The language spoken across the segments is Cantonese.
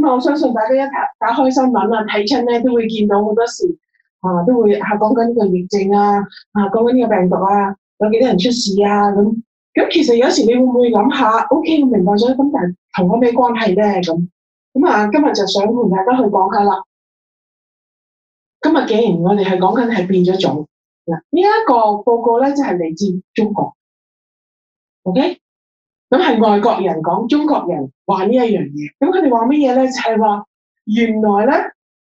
咁我相信大家一打打開新聞啊，睇親咧都會見到好多時啊，都會嚇講緊呢個疫症啊，嚇講緊呢個病毒啊，有幾多人出事啊咁。咁其實有時你會唔會諗下？OK，我明白咗，咁但係同我咩關係咧？咁咁啊，今日就想同大家去講下啦。今日既然我哋係講緊係變咗種，嗱，呢一個報告咧就係嚟自中國，OK？咁係外國人講，中國人話呢一樣嘢。咁佢哋話乜嘢咧？就係、是、話原來咧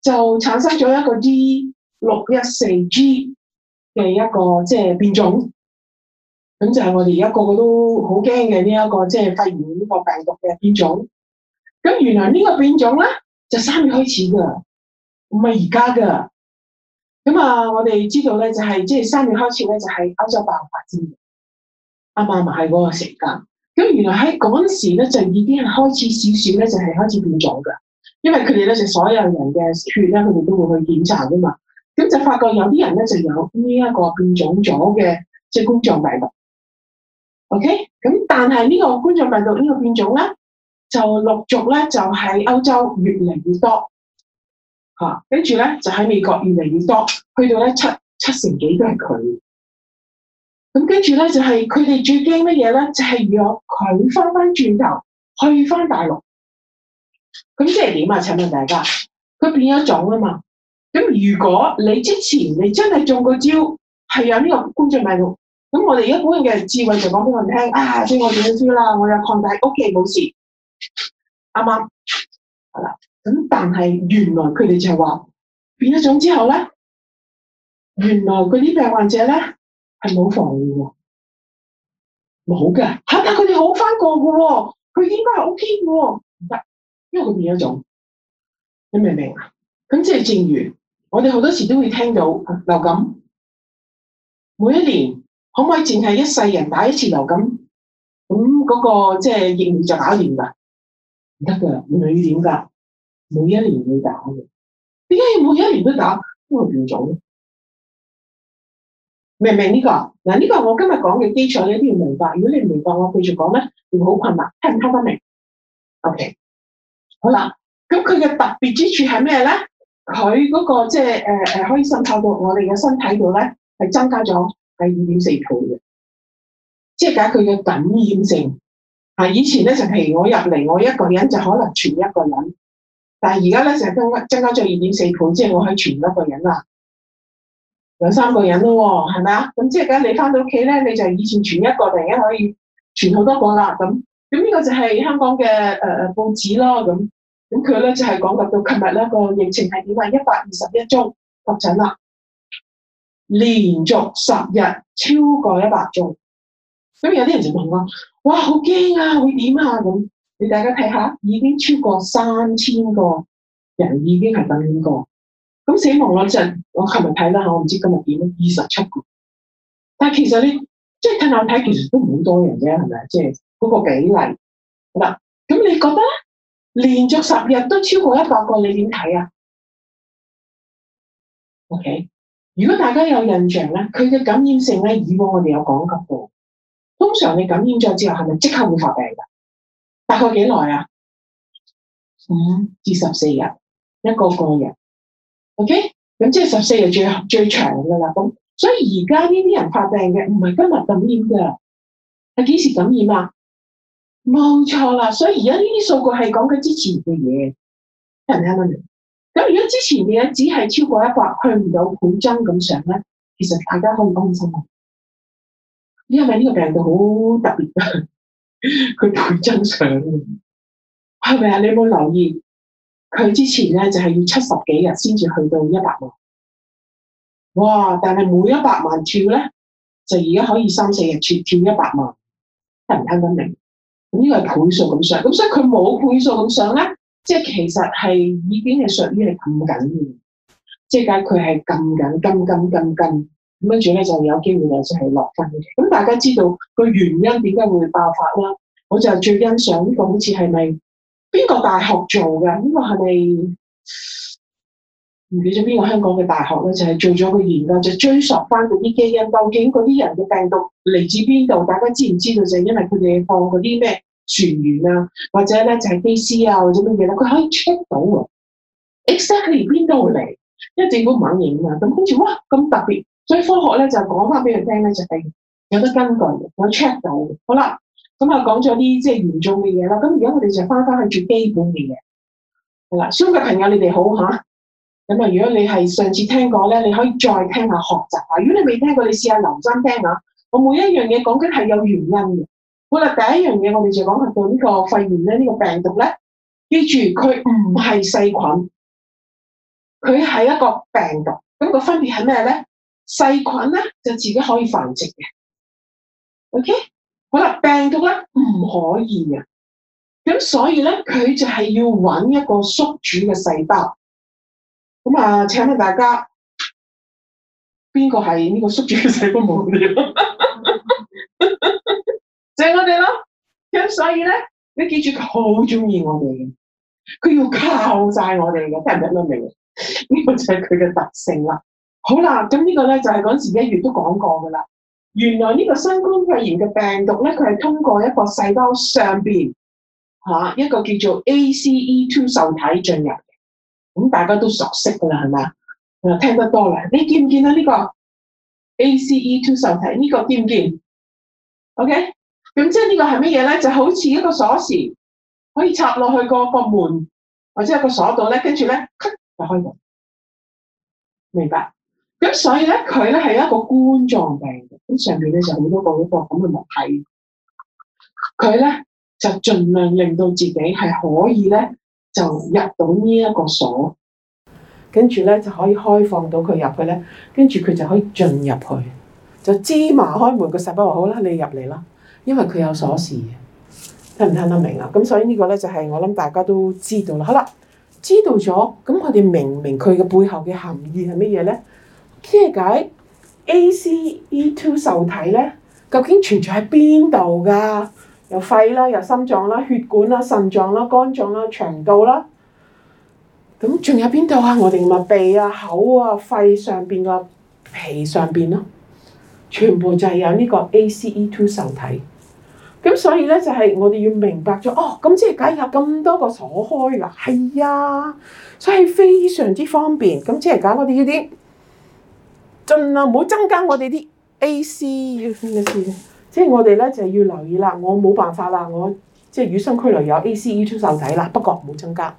就產生咗一個 D 六一四 G 嘅一個即係變種。咁就係我哋而家個個都好驚嘅呢一個即係肺炎呢個病毒嘅變種。咁原來呢個變種咧就三月開始噶，唔係而家噶。咁啊，我哋知道咧就係即係三月開始咧就係歐洲爆發先，啱啱喺嗰個時間。咁原來喺嗰時咧就已經係開始少少咧就係開始變咗噶，因為佢哋咧就所有人嘅血咧佢哋都會去檢查噶嘛，咁就發覺有啲人咧就有呢一個變種咗嘅即係冠狀病毒。OK，咁但係呢個冠狀病毒呢個變種咧就陸續咧就喺歐洲越嚟越多，吓跟住咧就喺美國越嚟越多，去到咧七七成幾都係佢。咁跟住咧就係佢哋最驚乜嘢咧？就係約佢翻翻轉頭去翻大陸，咁即係點啊？請問大家，佢變咗種啊嘛？咁如果你之前你真係中過招，係有呢個觀眾迷路。咁我哋而家本人嘅智慧就講俾我哋聽啊！即我點樣知啦？我有抗體 OK 冇事，啱唔啱？係啦，咁但係原來佢哋就係話變咗種之後咧，原來佢啲病患者咧。係冇防禦嘅喎，冇嘅吓，但佢哋好翻過嘅喎，佢應該係 OK 喎。唔得，因為佢變咗種。你明唔明啊？咁即係正如我哋好多時都會聽到、啊、流感，每一年可唔可以淨係一世人打一次流感？咁嗰、嗰個即係疫苗就打完年㗎，唔得㗎，每年㗎，每一年會打嘅。點解要每一年都打？因為變咗明唔明呢個？嗱，呢個我今日講嘅基礎，你一定要明白。如果你唔明白，我繼續講咧，會好困難，聽唔聽得明？OK，好啦，咁佢嘅特別之處係咩咧？佢嗰個即係誒誒，可以滲透到我哋嘅身體度咧，係增加咗係二點四倍嘅，即係講佢嘅感染性。係以前咧就譬如我入嚟，我一個人就可能傳一個人，但係而家咧就係增加增加咗二點四倍，即係我可以傳一個人啦。兩三個人咯喎，係咪啊？咁即係而家你翻到屋企咧，你就以前傳一個突然間可以傳好多個啦。咁咁呢個就係香港嘅誒、呃、報紙啦。咁咁佢咧就係、是、講及到琴日咧個疫情係點啊？一百二十一宗確診啦，連續十日超過一百宗。咁有啲人就問啦，哇，好驚啊！會點啊？咁你大家睇下，已經超過三千個人已經係感染過。咁死亡率就，我琴日睇啦吓，我唔知今日點，二十七個。但其實你即係睇眼睇，其實都唔好多人啫，係咪？即係嗰個比例嗱。咁你覺得咧？連續十日都超過一百個，你點睇啊？OK，如果大家有印象咧，佢嘅感染性咧，以往我哋有講過，通常你感染咗之後，係咪即刻會發病噶？大概幾耐啊？五至十四日，一個個人。O.K.，咁即係十四日最最長噶啦，咁所以而家呢啲人發病嘅唔係今日感染噶，係幾時感染啊？冇錯啦，所以而家呢啲數據係講緊之前嘅嘢，聽唔聽到？咁如果之前嘅只係超過一百，去唔到倍增咁上咧，其實大家可，可以安心啊，因為呢個病毒好特別嘅，佢倍增上，係咪啊？你有冇留意？佢之前咧就係要七十幾日先至去到一百萬，哇！但係每一百萬跳咧，就而家可以三四日跳跳一百萬，聽唔聽得明？咁呢個係倍數咁上，咁所以佢冇倍數咁上咧，即係其實係已經係屬於係咁緊嘅，即係解佢係咁緊、咁撳、咁撳，咁跟住咧就有機會就係落返嘅。咁大家知道個原因點解會爆發啦？我就最欣賞呢個，好似係咪？邊個大學做嘅？呢個係咪唔記得邊個香港嘅大學咧？就係做咗個研究，就追溯翻嗰啲基因，究竟嗰啲人嘅病毒嚟自邊度？大家知唔知道？就係因為佢哋放嗰啲咩船員啊，或者咧就係機師啊，或者乜嘢咧，佢可以 check 到啊。Exactly 邊度嚟？因為政府唔肯認啊，咁跟住哇咁特別，所以科學咧就講翻俾佢聽咧就係、是、有得根據，有 check 到嘅。好啦。咁啊，講咗啲即係嚴重嘅嘢啦。咁而家我哋就翻翻去最基本嘅嘢，係啦。所有朋友你哋好嚇。咁啊，如果你係上次聽過咧，你可以再聽下學習下。如果你未聽過，你試下留心聽下。我每一樣嘢講緊係有原因嘅。好啦，第一樣嘢我哋就講到呢個肺炎咧，呢個病毒咧，記住佢唔係細菌，佢係一個病毒。咁個分別係咩咧？細菌咧就自己可以繁殖嘅。OK。好啦，病毒咧唔可以啊，咁所以咧佢就係要搵一個宿主嘅細胞。咁啊，請問大家邊個係呢個宿主嘅細胞沒有？冇料、嗯， 就係我哋咯。咁所以咧，你記住佢好中意我哋嘅，佢要靠晒我哋嘅，聽唔聽得明？呢 個就係佢嘅特性啦。好啦，咁呢個咧就係嗰陣時一月都講過噶啦。原來呢個新冠肺炎嘅病毒咧，佢係通過一個細胞上邊吓、啊、一個叫做 ACE2 受體進入嘅，咁、嗯、大家都熟悉噶啦，係咪？誒，聽得多啦，你見唔見到、這、呢個 ACE2 受體，呢、這個見唔見？OK，咁即係呢個係乜嘢咧？就好似一個鎖匙，可以插落去個個門或者一個鎖度咧，跟住咧咔就可以入，明白？咁所以咧，佢咧係一個冠狀病毒，咁上面咧就好多個嗰個咁嘅物體，佢咧就盡量令到自己係可以咧就入到呢一個鎖，跟住咧就可以開放到佢入去咧，跟住佢就可以進入去，就芝麻開門，個細胞話好啦，你入嚟啦，因為佢有鎖匙，聽唔聽得明啊？咁所以呢個咧就係我諗大家都知道啦。好啦，知道咗，咁佢哋明唔明佢嘅背後嘅含義係乜嘢咧？即係解 ACE2 受體咧，究竟存在喺邊度噶？有肺啦，有心臟啦，血管啦，腎臟啦，肝臟啦，腸道啦。咁仲有邊度啊？我哋咪鼻啊、口啊、肺上邊個皮上邊咯，全部就係有呢個 ACE2 受體。咁所以咧，就係、是、我哋要明白咗哦。咁即係解有咁多個鎖開啦，係啊，所以非常之方便。咁即係解我哋呢啲。盡量唔好增加我哋啲 A.C.E. 要嘅先，即係我哋咧就要留意啦。我冇辦法啦，我即係與生俱來有 A.C.E. 二受體啦。不過唔好增加，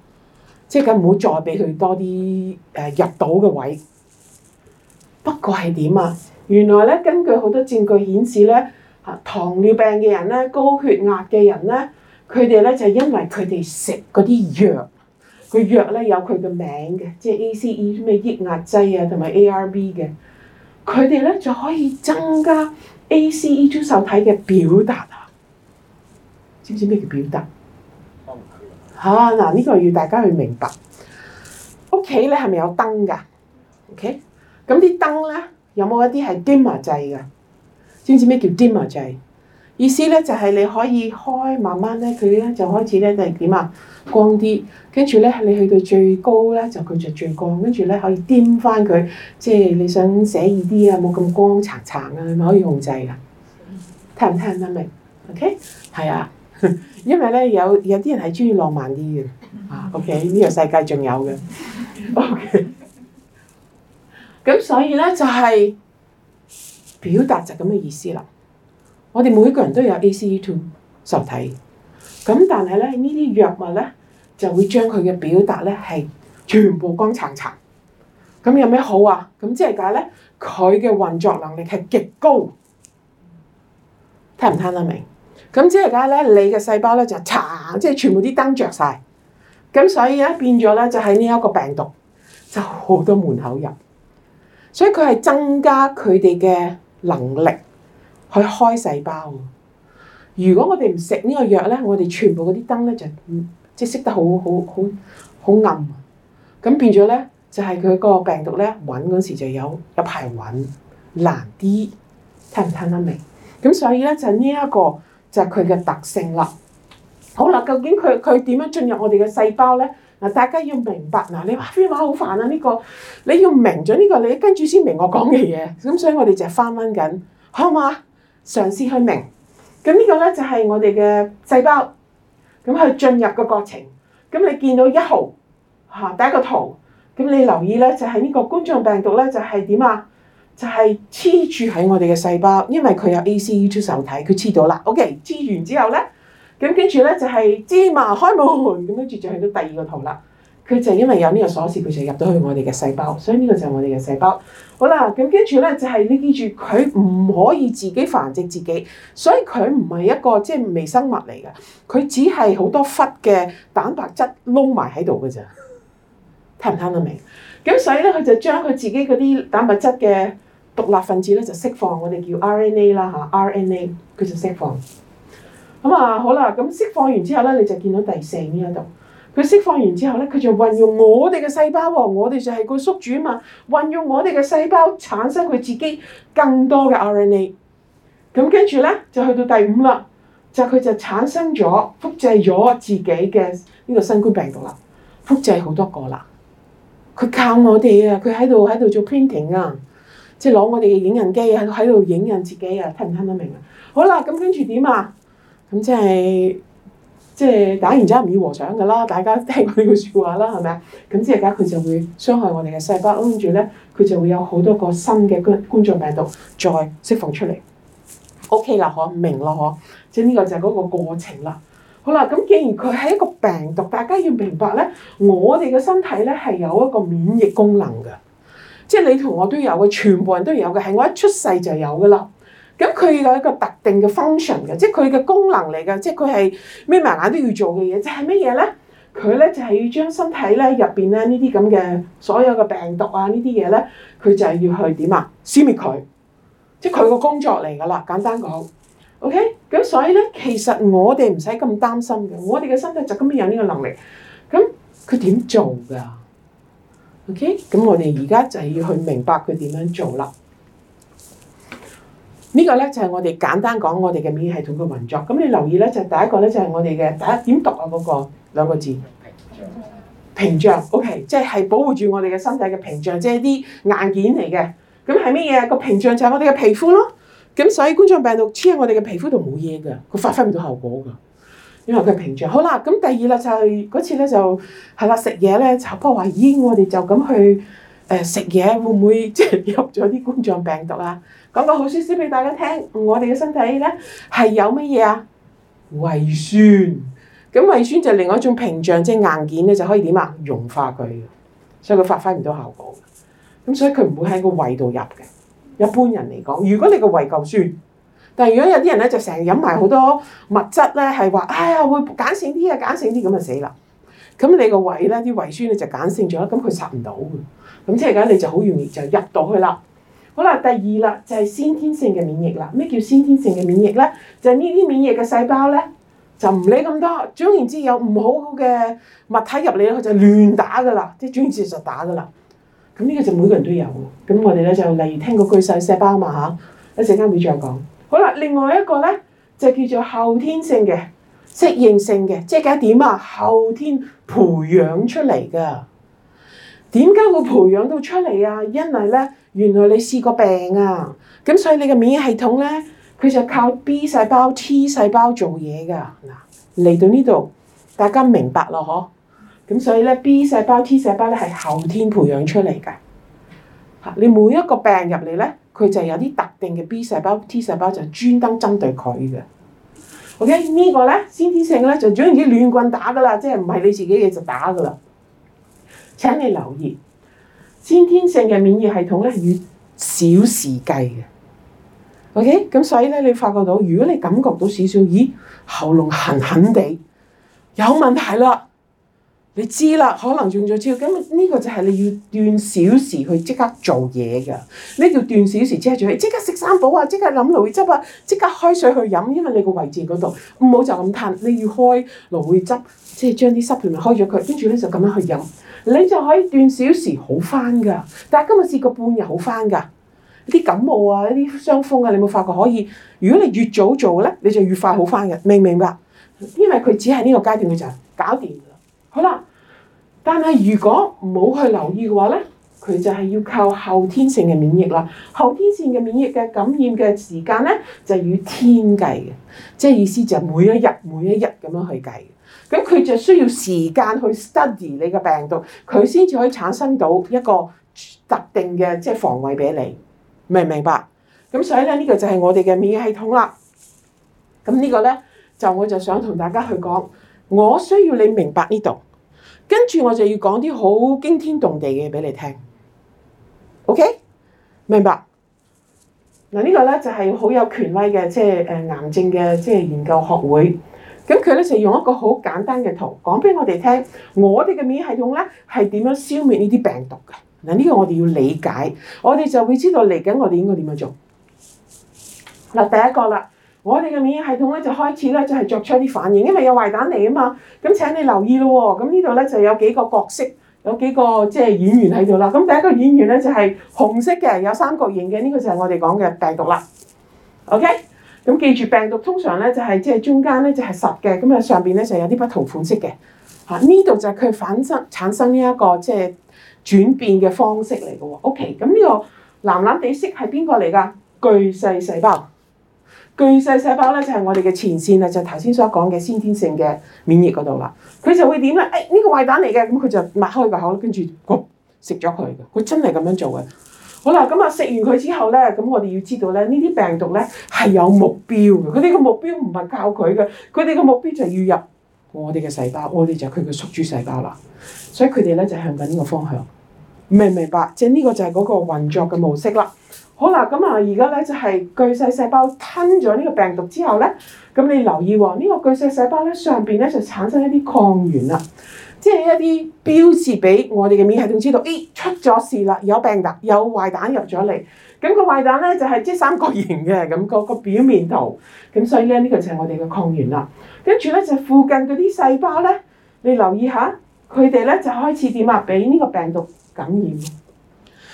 即係咁唔好再俾佢多啲誒、呃、入到嘅位。不過係點啊？原來咧根據好多證據顯示咧，嚇糖尿病嘅人咧、高血壓嘅人咧，佢哋咧就係因為佢哋食嗰啲藥，個藥咧有佢嘅名嘅，即係 A.C.E. 咩抑壓劑啊，同埋 A.R.B. 嘅。佢哋就可以增加 ACE2 受體嘅表達啊！知唔知咩叫表達？啊，嗱，呢個要大家去明白。屋企咧係咪有燈㗎？OK，咁啲燈咧有冇有一啲係 dimmer 掣嘅？知唔知咩叫 dimmer 掣？意思呢就係、是、你可以開，慢慢呢，佢呢就開始呢就係點啊，光啲。跟住呢你去到最高呢，就佢就最光，跟住呢可以掂翻佢，即係你想寫意啲啊，冇咁光殘殘啊，你咪可以控制啊。聽唔聽得明？OK，係啊，因為呢有有啲人係中意浪漫啲嘅啊。OK，呢 個世界仲有嘅。OK，咁所以呢，就係、是、表達就咁嘅意思啦。我哋每個人都有 ACE2 受體，但係這些藥呢啲藥物咧就會將佢嘅表達咧係全部光橙橙。咁有咩好啊？咁即係講呢，佢嘅運作能力係極高，聽唔聽得明？咁即係你嘅細胞咧就即係全部啲燈着曬。所以咧變咗咧就喺呢一個病毒就好多門口入，所以佢係增加佢哋嘅能力。去開細胞。如果我哋唔食呢個藥咧，我哋全部嗰啲燈咧就即係熄得好好好好暗。咁變咗咧，就係佢個病毒咧揾嗰時就有,有一排揾難啲，聽唔聽得明？咁所以咧就呢一個就係佢嘅特性啦。好啦，究竟佢佢點樣進入我哋嘅細胞咧？嗱，大家要明白嗱。你話呢個話好煩啊！呢、這個你要明咗呢、這個，你跟住先明我講嘅嘢。咁所以我哋就翻温緊，好嘛？嘗試去明，咁呢個咧就係我哋嘅細胞，咁去進入個過程。咁你見到一號嚇，第一個圖，咁你留意咧就係呢個冠狀病毒咧就係點啊？就係黐住喺我哋嘅細胞，因為佢有 ACE2 受體，佢黐到啦。OK，黐完之後咧，咁跟住咧就係芝麻開門，咁跟住就去到第二個圖啦。佢就因為有呢個鎖匙，佢就入到去我哋嘅細胞，所以呢個就係我哋嘅細胞。好啦，咁跟住咧就係、是、你記住，佢唔可以自己繁殖自己，所以佢唔係一個即係、就是、微生物嚟嘅，佢只係好多忽嘅蛋白質撈埋喺度㗎咋，聽唔聽得明？咁所以咧，佢就將佢自己嗰啲蛋白質嘅獨立分子咧，就釋放，我哋叫 RNA 啦、啊、嚇，RNA 佢就釋放。咁啊，好啦，咁釋放完之後咧，你就見到第四呢一度。佢釋放完之後咧，佢就運用我哋嘅細胞喎，我哋就係個宿主啊嘛，運用我哋嘅細胞產生佢自己更多嘅 RNA。咁跟住咧就去到第五啦，就佢就產生咗、複製咗自己嘅呢個新冠病毒啦，複製好多個啦。佢靠我哋啊，佢喺度喺度做 printing 啊，即係攞我哋嘅影印機喺喺度影印自己啊，聽唔聽得明啊？好啦，咁跟住點啊？咁即係。即係打完之後唔要和尚㗎啦，大家聽過呢句説話啦，係咪啊？咁即係而家佢就會傷害我哋嘅細胞，跟住咧佢就會有好多個新嘅冠冠狀病毒再釋放出嚟。OK 啦，呵，明啦，呵，即係呢個就係嗰個過程啦。好啦，咁既然佢係一個病毒，大家要明白咧，我哋嘅身體咧係有一個免疫功能㗎。即係你同我都有嘅，全部人都有嘅，係我一出世就有㗎啦。咁佢有一個特定嘅 function 嘅，即係佢嘅功能嚟嘅，即係佢係眯埋眼都要做嘅嘢，就係乜嘢咧？佢咧就係、是、要將身體咧入邊咧呢啲咁嘅所有嘅病毒啊，呢啲嘢咧，佢就係要去點啊，消滅佢，即係佢個工作嚟噶啦。簡單講，OK，咁所以咧，其實我哋唔使咁擔心嘅，我哋嘅身體就咁樣有呢個能力。咁佢點做噶？OK，咁我哋而家就係要去明白佢點樣做啦。呢個咧就係我哋簡單講我哋嘅免疫系統嘅運作。咁你留意咧，就是、第一個咧就係我哋嘅第一點讀啊嗰、那個兩個字屏障。屏障象 OK，即係保護住我哋嘅身體嘅屏障，即係啲硬件嚟嘅。咁係咩嘢？個屏障就係我哋嘅皮膚咯。咁所以冠狀病毒黐喺我哋嘅皮膚度冇嘢㗎，佢發揮唔到效果㗎，因為佢嘅屏障。好啦，咁第二喇就係、是、嗰次咧就係啦食嘢咧就破壞煙，我哋就咁去誒食嘢，呃、吃東西會唔會即係入咗啲冠狀病毒啊？講個好消息俾大家聽，我哋嘅身體咧係有乜嘢啊？胃酸，咁胃酸就另外一種屏障，即係硬件咧，就可以點啊？溶化佢，所以佢發揮唔到效果。咁所以佢唔會喺個胃度入嘅。一般人嚟講，如果你個胃夠酸，但係如果有啲人咧就成日飲埋好多物質咧，係話哎呀會鹼性啲啊，鹼性啲咁就死啦！咁你個胃咧啲胃酸咧就鹼性咗，咁佢殺唔到嘅，咁即係而家你就好容易就入到去啦。好啦，第二啦就係、是、先天性嘅免疫啦。咩叫先天性嘅免疫咧？就呢、是、啲免疫嘅細胞咧，就唔理咁多。總言之，有唔好嘅物體入嚟，佢就亂打噶啦，即係總之就打噶啦。咁呢個就每個人都有。咁我哋咧就例如聽個巨細細胞嘛嚇，一陣間會再講。好啦，另外一個咧就叫做後天性嘅適應性嘅，即係點啊？後天培養出嚟噶。點解會培養到出嚟啊？因為咧。原來你試過病啊，咁所以你嘅免疫系統咧，佢就靠 B 細胞、T 細胞做嘢㗎。嗱，嚟到呢度，大家明白咯，嗬？咁所以咧，B 細胞、T 細胞咧係後天培養出嚟㗎。嚇，你每一個病入嚟咧，佢就有啲特定嘅 B 細胞、T 細胞就專登針對佢嘅。OK，個呢個咧先天性咧就總言之亂棍打㗎啦，即係唔係你自己嘅就打㗎啦。請你留意。先天性嘅免疫系統咧係要小時計嘅，OK？咁所以咧，你發覺到，如果你感覺到少少，咦，喉嚨痕痕地，有問題啦，你知啦，可能中咗招。咁、這、呢個就係你要短小時去即刻做嘢嘅。你要短小時即刻做嘢，即刻食三寶啊，即刻飲蘆薈汁啊，即刻，、啊、刻開水去飲，因為你個位置嗰度唔好就咁吞，你要開蘆薈汁，即係將啲濕氣開咗佢，跟住咧就咁樣去飲。你就可以段小時好翻噶，但係今日試個半日好翻噶。啲感冒啊，一啲傷風啊，你冇發覺可以？如果你越早做咧，你就越快好翻嘅，明唔明白？因為佢只係呢個階段，佢就係搞掂㗎喇。好啦，但係如果唔好去留意嘅話咧，佢就係要靠後天性嘅免疫啦。後天性嘅免疫嘅感染嘅時間咧，就係以天計嘅，即係意思就係每一日每一日咁樣去計。咁佢就需要時間去 study 你嘅病毒，佢先至可以產生到一個特定嘅即係防衛俾你，明唔明白？咁所以咧，呢個就係我哋嘅免疫系統啦。咁呢個咧，就我就想同大家去講，我需要你明白呢度，跟住我就要講啲好驚天動地嘅嘢俾你聽。OK，明白。嗱呢個咧就係好有權威嘅，即係誒癌症嘅即係研究學會。咁佢咧就用一個好簡單嘅圖講俾我哋聽，我哋嘅免疫系統咧係點樣消滅呢啲病毒嘅？嗱，呢個我哋要理解，我哋就會知道嚟緊我哋應該點樣做。嗱，第一個啦，我哋嘅免疫系統咧就開始咧就係作出一啲反應，因為有壞蛋嚟啊嘛。咁請你留意咯喎，咁呢度咧就有幾個角色，有幾個即係演員喺度啦。咁第一個演員咧就係紅色嘅，有三角形嘅，呢個就係我哋講嘅病毒啦。OK。咁記住病毒通常咧就係即係中間咧就係實嘅，咁啊上邊咧就有啲不同款式嘅，嚇呢度就係佢反生產生呢一個即係轉變嘅方式嚟嘅喎。OK，咁呢個藍藍地色係邊個嚟㗎？巨細細胞，巨細細胞咧就係我哋嘅前線啦，就頭先所講嘅先天性嘅免疫嗰度啦，佢就會點咧？誒呢個壞蛋嚟嘅，咁佢就擘開個口，跟住食咗佢嘅，佢真係咁樣做嘅。好啦，咁啊食完佢之後咧，咁我哋要知道咧，呢啲病毒咧係有目標嘅，佢哋嘅目標唔係教佢嘅，佢哋嘅目標就係要入我哋嘅細胞，我哋就係佢嘅宿主細胞啦，所以佢哋咧就是、向緊呢個方向，明唔明白？即係呢個就係嗰個運作嘅模式啦。好啦，咁啊而家咧就係、是、巨細，細胞吞咗呢個病毒之後咧，咁你留意喎、哦，呢、呢個巨細，細胞咧上邊咧就產生一啲抗原啦。即係一啲標示俾我哋嘅免疫系統知道，誒、哎、出咗事啦，有病毒，有壞蛋入咗嚟。咁、那個壞蛋咧就係、是、即三角形嘅咁、那個個表面圖。咁所以咧呢、這個就係我哋嘅抗原啦。跟住咧就附近嗰啲細胞咧，你留意下佢哋咧就開始點啊，俾呢個病毒感染。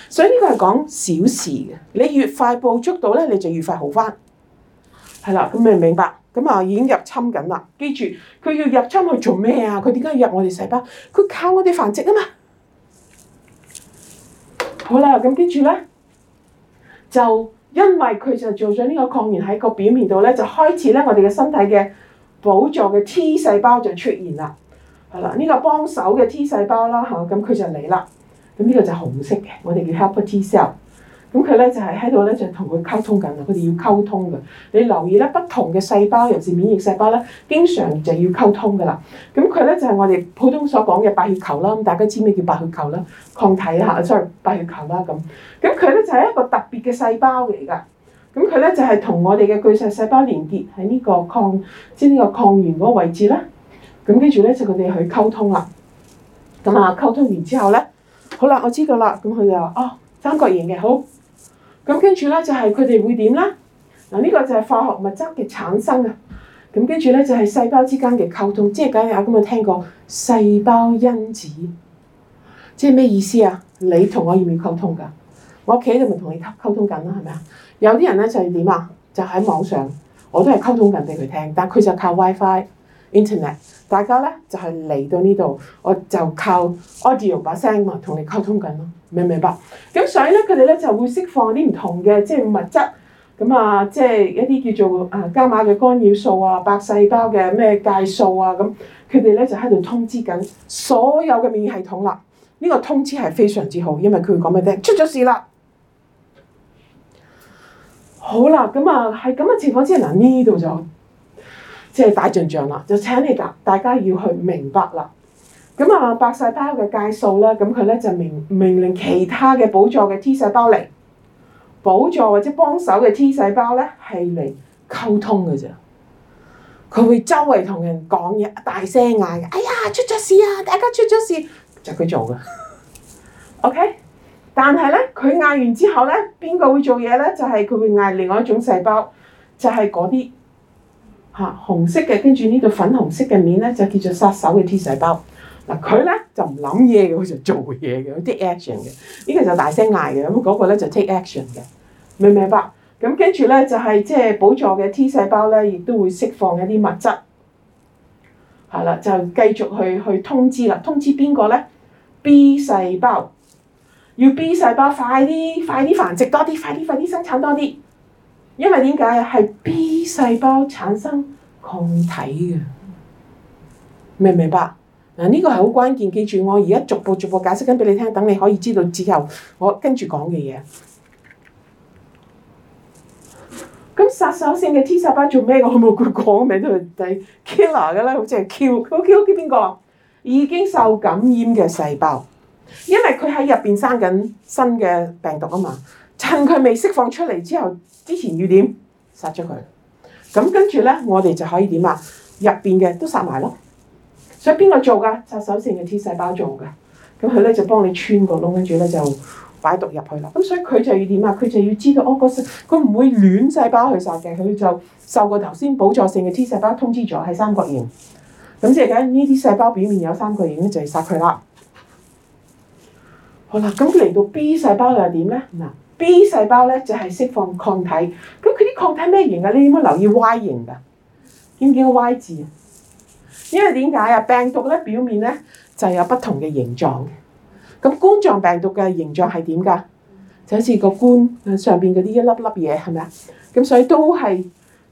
所以呢個係講小事嘅，你越快捕捉到咧，你就越快好返。係啦，咁你明唔明白，咁啊已經入侵緊啦。記住，佢要入侵去做咩啊？佢點解要入我哋細胞？佢靠我哋繁殖啊嘛。好啦，咁跟住咧，就因為佢就做咗呢個抗原喺個表面度咧，就開始咧我哋嘅身體嘅補助嘅 T 細胞就出現啦。係啦，呢個幫手嘅 T 細胞啦，嚇，咁佢就嚟啦。咁呢個就係紅色嘅，我哋叫 helper T cell。咁佢咧就係喺度咧就同佢溝通緊喇。佢哋要溝通嘅。你留意咧，不同嘅細胞，尤其是免疫細胞咧，經常就要溝通噶啦。咁佢咧就係我哋普通所講嘅白血球啦。咁大家知咩叫白血球啦？抗體下，即係、嗯、白血球啦咁。咁佢咧就係一個特別嘅細胞嚟噶。咁佢咧就係同我哋嘅巨噬細胞連結喺呢個抗，即係呢個抗原嗰個位置啦。咁跟住咧就佢哋去溝通啦。咁啊溝通完之後咧，好啦，我知道啦。咁佢就話：哦，三角形嘅好。咁跟住呢，就係佢哋會點咧？嗱呢個就係化學物質嘅產生啊！咁跟住呢，就係細胞之間嘅溝通，即係今日有咁嘅聽過細胞因子，即係咩意思啊？你同我要唔要溝通㗎？我企喺度咪同你溝通緊咯，係咪啊？有啲人呢，就係點啊？就喺網上，我都係溝通緊俾佢聽，但佢就靠 WiFi、Internet，大家呢，就係嚟到呢度，我就靠 audio 把聲嘛同你溝通緊咯。明唔明白？咁所以咧，佢哋咧就會釋放啲唔同嘅即係物質，咁啊，即係一啲叫做啊伽馬嘅干擾素啊，白細胞嘅咩介素啊，咁佢哋咧就喺度通知緊所有嘅免疫系統啦。呢個通知係非常之好，因為佢講俾你聽，出咗事啦！好啦，咁啊，喺咁嘅情況之下，嗱，呢度就即係大陣仗啦，就請你大大家要去明白啦。咁啊，白細胞嘅介素呢，咁佢咧就命令其他嘅輔助嘅 T 細胞嚟輔助或者幫手嘅 T 細胞咧，係嚟溝通嘅啫。佢會周圍同人講嘢，大聲嗌、啊、嘅。哎呀，出咗事啊！大家出咗事，就佢、是、做嘅。OK，但係呢，佢嗌完之後呢，邊個會做嘢呢？就係、是、佢會嗌另外一種細胞，就係嗰啲紅色嘅，跟住呢粉紅色嘅面呢就叫做殺手嘅 T 細胞。嗱，佢咧就唔諗嘢嘅，佢就做嘢嘅，take action 嘅。呢、這個就大聲嗌嘅，咁、那、嗰個咧就 take action 嘅。明唔明白？咁跟住呢，就係即係輔助嘅 T 細胞呢，亦都會釋放一啲物質。係啦，就繼續去去通知啦。通知邊個呢？B 細胞。要 B 細胞快啲，快啲繁殖多啲，快啲快啲生產多啲。因為點解啊？係 B 細胞產生抗體嘅。明唔明白？嗱，呢個係好關鍵，記住我而家逐步逐步解釋緊俾你聽，等你可以知道之後我跟住講嘅嘢。咁殺手性嘅 T 細胞做咩？我冇佢講名都係 killer 㗎啦，好似係 kill，好 kill 邊個？已經受感染嘅細胞，因為佢喺入邊生緊新嘅病毒啊嘛，趁佢未釋放出嚟之後，之前要點殺咗佢？咁跟住咧，我哋就可以點啊？入邊嘅都殺埋咯。所以邊個做㗎？殺手性嘅 T 細胞做㗎。咁佢呢就幫你穿個窿，跟住呢就擺毒入去啦。咁所以佢就要點啊？佢就要知道哦，個佢唔會亂細胞去殺嘅。佢就受過頭先補助性嘅 T 細胞通知咗係三角形。咁即係講呢啲細胞表面有三角形就係殺佢啦。好啦，咁嚟到 B 細胞又點呢？B 細胞呢就係、是、釋放抗體。咁佢啲抗體咩型啊？你有冇留意 Y 型㗎？見唔見 Y 字？因為點解啊？病毒咧表面咧就有不同嘅形狀。咁冠狀病毒嘅形狀係點噶？就好似個冠上邊嗰啲一粒粒嘢係咪啊？咁所以都係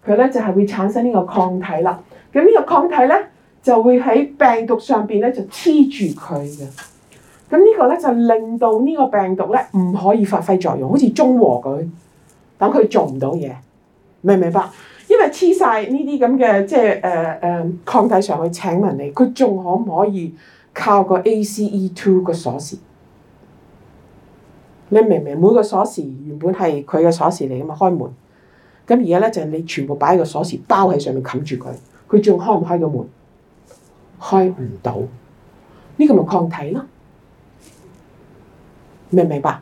佢咧就係會產生呢個抗體啦。咁呢個抗體咧就會喺病毒上邊咧就黐住佢嘅。咁呢個咧就令到呢個病毒咧唔可以發揮作用，好似中和佢，等佢做唔到嘢，明唔明白？因為黐晒呢啲咁嘅即係誒誒抗體上去，請問你佢仲可唔可以靠個 ACE2 個鎖匙？你明唔明每個鎖匙原本係佢嘅鎖匙嚟㗎嘛，開門。咁而家咧就係你全部擺個鎖匙包喺上面冚住佢，佢仲開唔開到門？開唔到。呢個咪抗體咯，明唔明白？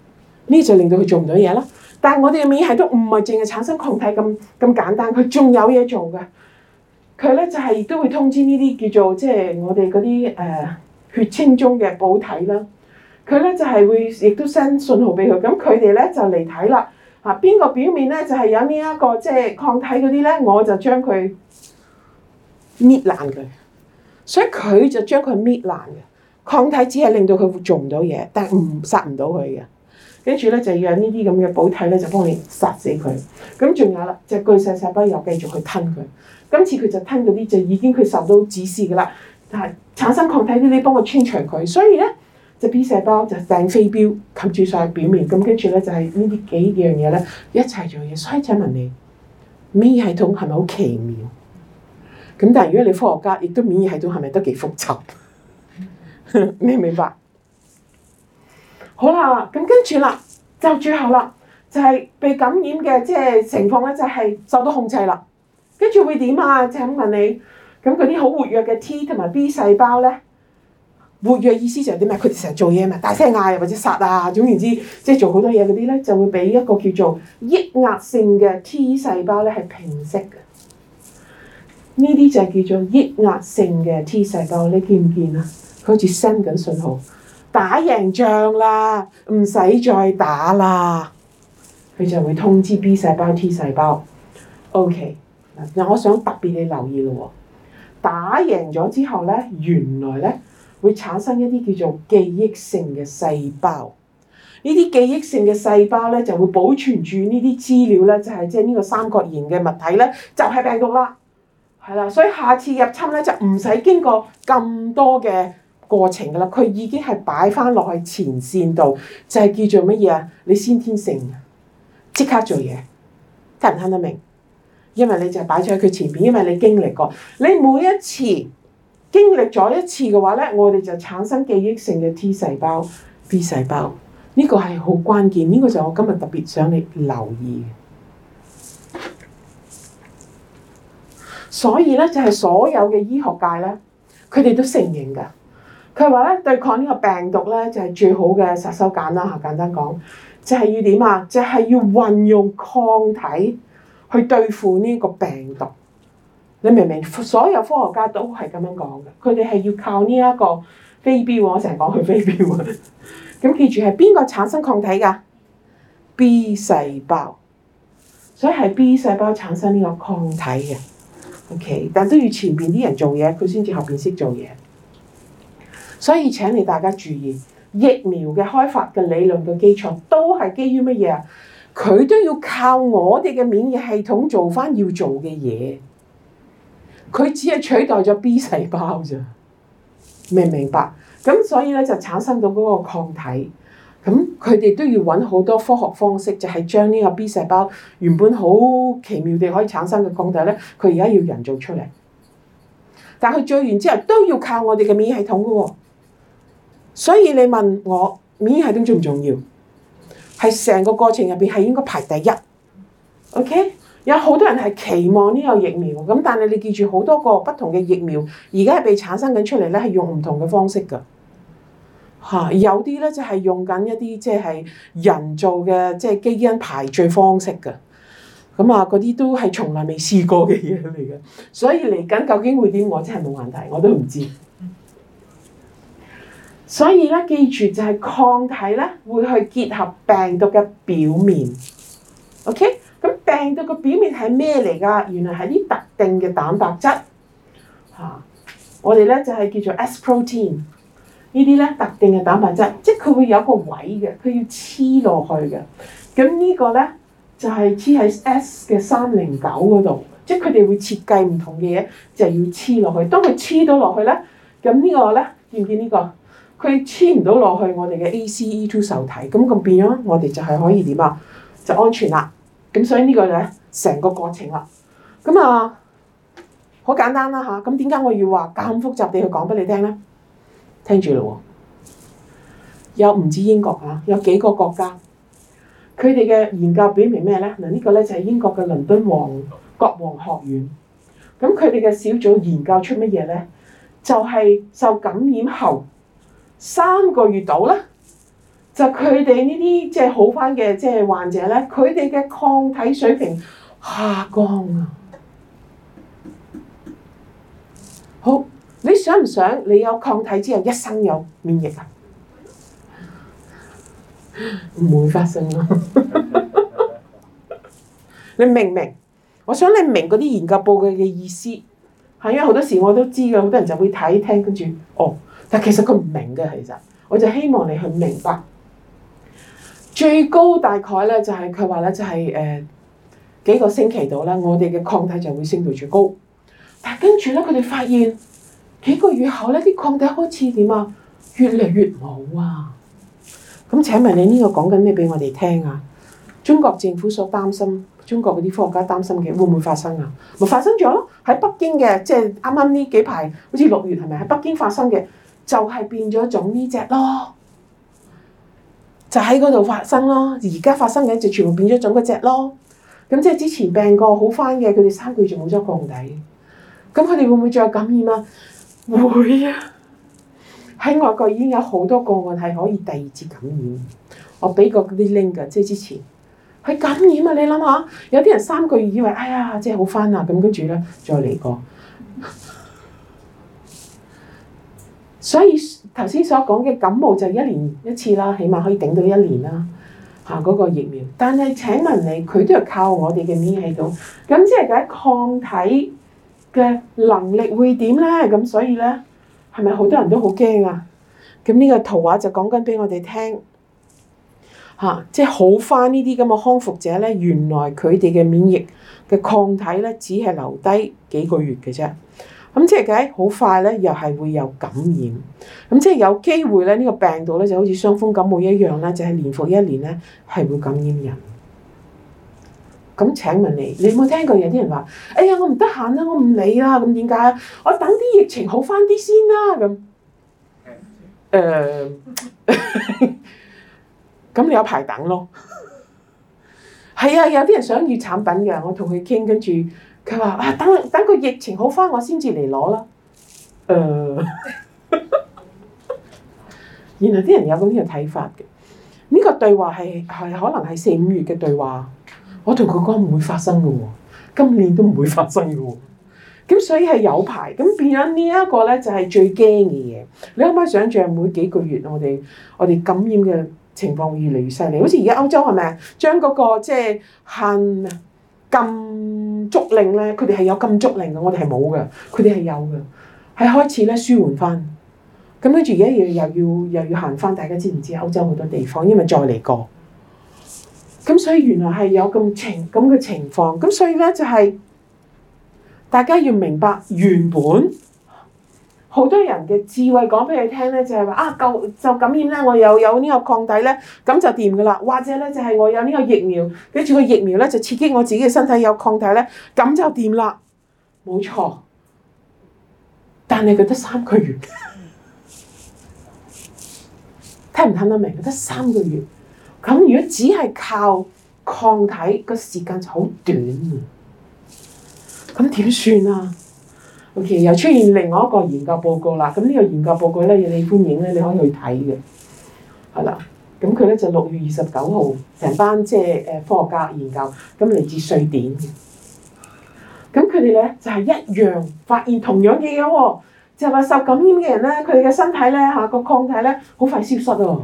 呢就令到佢做唔到嘢啦。但係我哋嘅免疫都唔係淨係產生抗體咁咁簡單，佢仲有嘢做嘅。佢咧就係亦都會通知呢啲叫做即係、就是、我哋嗰啲誒血清中嘅補體啦。佢咧就係、是、會亦都 send 信號俾佢，咁佢哋咧就嚟睇啦。啊，邊個表面咧就係、是、有呢、這、一個即係、就是、抗體嗰啲咧，我就將佢搣爛佢。所以佢就將佢搣爛嘅抗體，只係令到佢做唔到嘢，但係唔殺唔到佢嘅。跟住咧就要用呢啲咁嘅補體咧就幫你殺死佢。咁仲有啦，隻巨噬細胞又繼續去吞佢。今次佢就吞嗰啲就已經佢受到指示噶啦，但係產生抗體啲你幫我清除佢。所以咧，隻 B 細胞就掟飛鏢冚住晒喺表面。咁跟住咧就係呢啲幾樣嘢咧一齊做嘢。所以請問你，免疫系統係咪好奇妙？咁但係如果你科學家，亦都免疫系統係咪都幾複雜？你 明白？好啦，咁跟住啦，就最後啦，就係、是、被感染嘅即係情況咧，就係受到控制啦。跟住會點啊？就咁問你。咁嗰啲好活躍嘅 T 同埋 B 細胞咧，活躍的意思就係點啊？佢哋成日做嘢啊嘛，大聲嗌、啊、或者殺啊，總言之，即係做好多嘢嗰啲咧，就會俾一個叫做抑壓性嘅 T 細胞咧係平息嘅。呢啲就係叫做抑壓性嘅 T 細胞，你見唔見啊？佢好似 send 緊信號。打贏仗啦，唔使再打啦。佢就會通知 B 細胞、T 細胞。OK，嗱，我想特別你留意咯喎。打贏咗之後咧，原來咧會產生一啲叫做記憶性嘅細胞。呢啲記憶性嘅細胞咧就會保存住呢啲資料咧，就係即係呢個三角形嘅物體咧，就係病毒啦。係啦，所以下次入侵咧就唔使經過咁多嘅過程噶啦，佢已經係擺翻落去前線度，就係、係、叫做乜嘢啊？你先天性即刻做嘢，聽唔聽得明？因為你就係擺咗喺佢前邊，因為你經歷過，你每一次經歷咗一次嘅話咧，我哋就產生記憶性嘅 T 細胞、B 細胞，呢、呢個係好關鍵，呢、呢個就我今日特別想你留意。所以咧，就係所有嘅醫學界咧，佢哋都承認噶。佢話咧，對抗呢個病毒咧，就係最好嘅殺手鐧啦嚇，簡單講就係要點啊？就係要運用抗體去對付呢個病毒。你明唔明？所有科學家都係咁樣講嘅，佢哋係要靠呢一個飛鏢。我成日講佢飛鏢。咁 記住係邊個產生抗體㗎？B 細胞，所以係 B 細胞產生呢個抗體嘅。OK，但都要前邊啲人做嘢，佢先至後邊識做嘢。所以請你大家注意，疫苗嘅開發嘅理論嘅基礎都係基於乜嘢啊？佢都要靠我哋嘅免疫系統做返要做嘅嘢，佢只係取代咗 B 細胞啫，明唔明白？咁所以咧就產生到嗰個抗體，咁佢哋都要揾好多科學方式，就係、是、將呢個 B 細胞原本好奇妙地可以產生嘅抗體咧，佢而家要人造出嚟，但佢做完之後都要靠我哋嘅免疫系統㗎喎。所以你問我免疫系統重唔重要？係成個過程入邊係應該排第一，OK？有好多人係期望呢個疫苗，咁但係你記住，好多個不同嘅疫苗而家係被產生緊出嚟咧，係用唔同嘅方式噶。嚇，有啲咧就係用緊一啲即係人造嘅即係基因排序方式㗎。咁啊，嗰啲都係從來未試過嘅嘢嚟嘅。所以嚟緊究竟會點？我真係冇問題，我都唔知道。所以咧，記住就係抗體咧會去結合病毒嘅表面，OK？咁病毒嘅表面係咩嚟噶？原來係啲特定嘅蛋白質嚇、啊。我哋咧就係叫做 S protein 呢啲咧特定嘅蛋白質，即係佢會有一個位嘅，佢要黐落去嘅。咁呢個咧就係黐喺 S 嘅三零九嗰度，即係佢哋會設計唔同嘅嘢就要黐落去。當佢黐到落去咧，咁呢個咧見唔見呢、這個？佢黐唔到落去我哋嘅 ACE2 受體，咁咁變咗，我哋就係可以點啊？就安全啦。咁所以呢個呢，成個過程啦。咁啊，好簡單啦嚇。咁點解我要話咁複雜地去講俾你聽呢？聽住啦喎，有唔止英國嚇，有幾個國家，佢哋嘅研究表明咩呢？嗱，呢個呢就係英國嘅倫敦國王學院。咁佢哋嘅小組研究出乜嘢呢？就係受感染後。三個月到啦，就佢哋呢啲即係好返嘅患者咧，佢哋嘅抗體水平下降了。好，你想唔想你有抗體之後一生有免疫啊？唔會發生咯。 你明唔明白？我想你明嗰啲研究報告嘅意思，因為好多時候我都知道好多人就會睇聽跟住哦。但其實佢唔明嘅，其實，我就希望你去明白，最高大概咧就係佢話咧就係誒幾個星期度咧，我哋嘅抗體就會升到最高。但跟住咧，佢哋發現幾個月後咧，啲抗體開始點啊，越嚟越冇啊！咁請問你呢個講緊咩俾我哋聽啊！中國政府所擔心，中國嗰啲科學家擔心嘅會唔會發生啊？咪發生咗咯！喺北京嘅，即係啱啱呢幾排，好似六月係咪喺北京發生嘅？就係變咗種呢隻咯，就喺嗰度發生咯。而家發生嘅就全部變咗種嗰隻咯。咁即係之前病過好返嘅，佢哋三個月仲冇咗降底。咁佢哋會唔會再感染啊？會啊！喺外國已經有好多個案係可以第二次感染。嗯、我俾個啲 link 㗎，即係之前係感染啊！你諗下，有啲人三個月以為哎呀，即係好返啦，咁跟住咧再嚟過。嗯所以頭先所講嘅感冒就一年一次啦，起碼可以頂到一年啦。嚇的，嗰、啊那個疫苗，但係請問你，佢都要靠我哋嘅免疫系統，咁即係解抗體嘅能力會點咧？咁所以咧，係咪好多人都好驚啊？咁呢個圖畫就講緊俾我哋聽，嚇，即係好返呢啲咁嘅康復者咧，原來佢哋嘅免疫嘅抗體咧，只係留低幾個月嘅啫。咁即係喺好快咧，又係會有感染。咁即係有機會咧，呢個病毒咧就好似傷風感冒一樣啦，就係年復一年咧係會感染人。咁請問你，你有冇聽過有啲人話？哎呀，我唔得閒啦，我唔理啦。咁點解呀？我等啲疫情好翻啲先啦、啊。咁，誒、 呃，咁 你有排等咯。係啊，有啲人想預產品嘅，我同佢傾跟住。佢話：啊，等等個疫情好返，我先至嚟攞啦。誒、呃，然後啲人有咁樣睇法嘅。呢個對話係係可能係四五月嘅對話。我同佢講唔會發生㗎喎，今年都唔會發生㗎喎。咁所以係有排。咁變咗呢一個咧，就係最驚嘅嘢。你可唔可以想像每幾個月我哋我哋感染嘅情況會越嚟越犀利？好似而家歐洲係咪啊？將嗰個即係限。禁足令咧，佢哋係有禁足令嘅，我哋係冇嘅，佢哋係有嘅。係開始咧舒緩翻，咁跟住而家又又要又要行翻，大家知唔知？歐洲好多地方，因為再嚟過，咁所以原來係有咁情咁嘅情況，咁所以咧就係大家要明白原本。好多人嘅智慧講俾你聽咧，就係話啊，就就感染咧，我有有呢個抗體咧，咁就掂噶啦。或者咧，就係我有呢個疫苗，俾住個疫苗咧，就刺激我自己嘅身體有抗體咧，咁就掂啦。冇錯，但係佢得三個月， 聽唔聽得明？佢得三個月。咁如果只係靠抗體，個時間好短啊。咁點算啊？OK，又出現另外一個研究報告啦。咁呢個研究報告呢，你歡迎你可以去睇嘅。係啦，咁佢呢就六月二十九號，成班即係科學家研究，咁嚟自瑞典嘅。咁佢哋就係、是、一樣發現同樣嘅嘢喎，就係、是、話受感染嘅人呢他佢哋嘅身體呢，嚇、啊、個抗體呢，好快消失哦。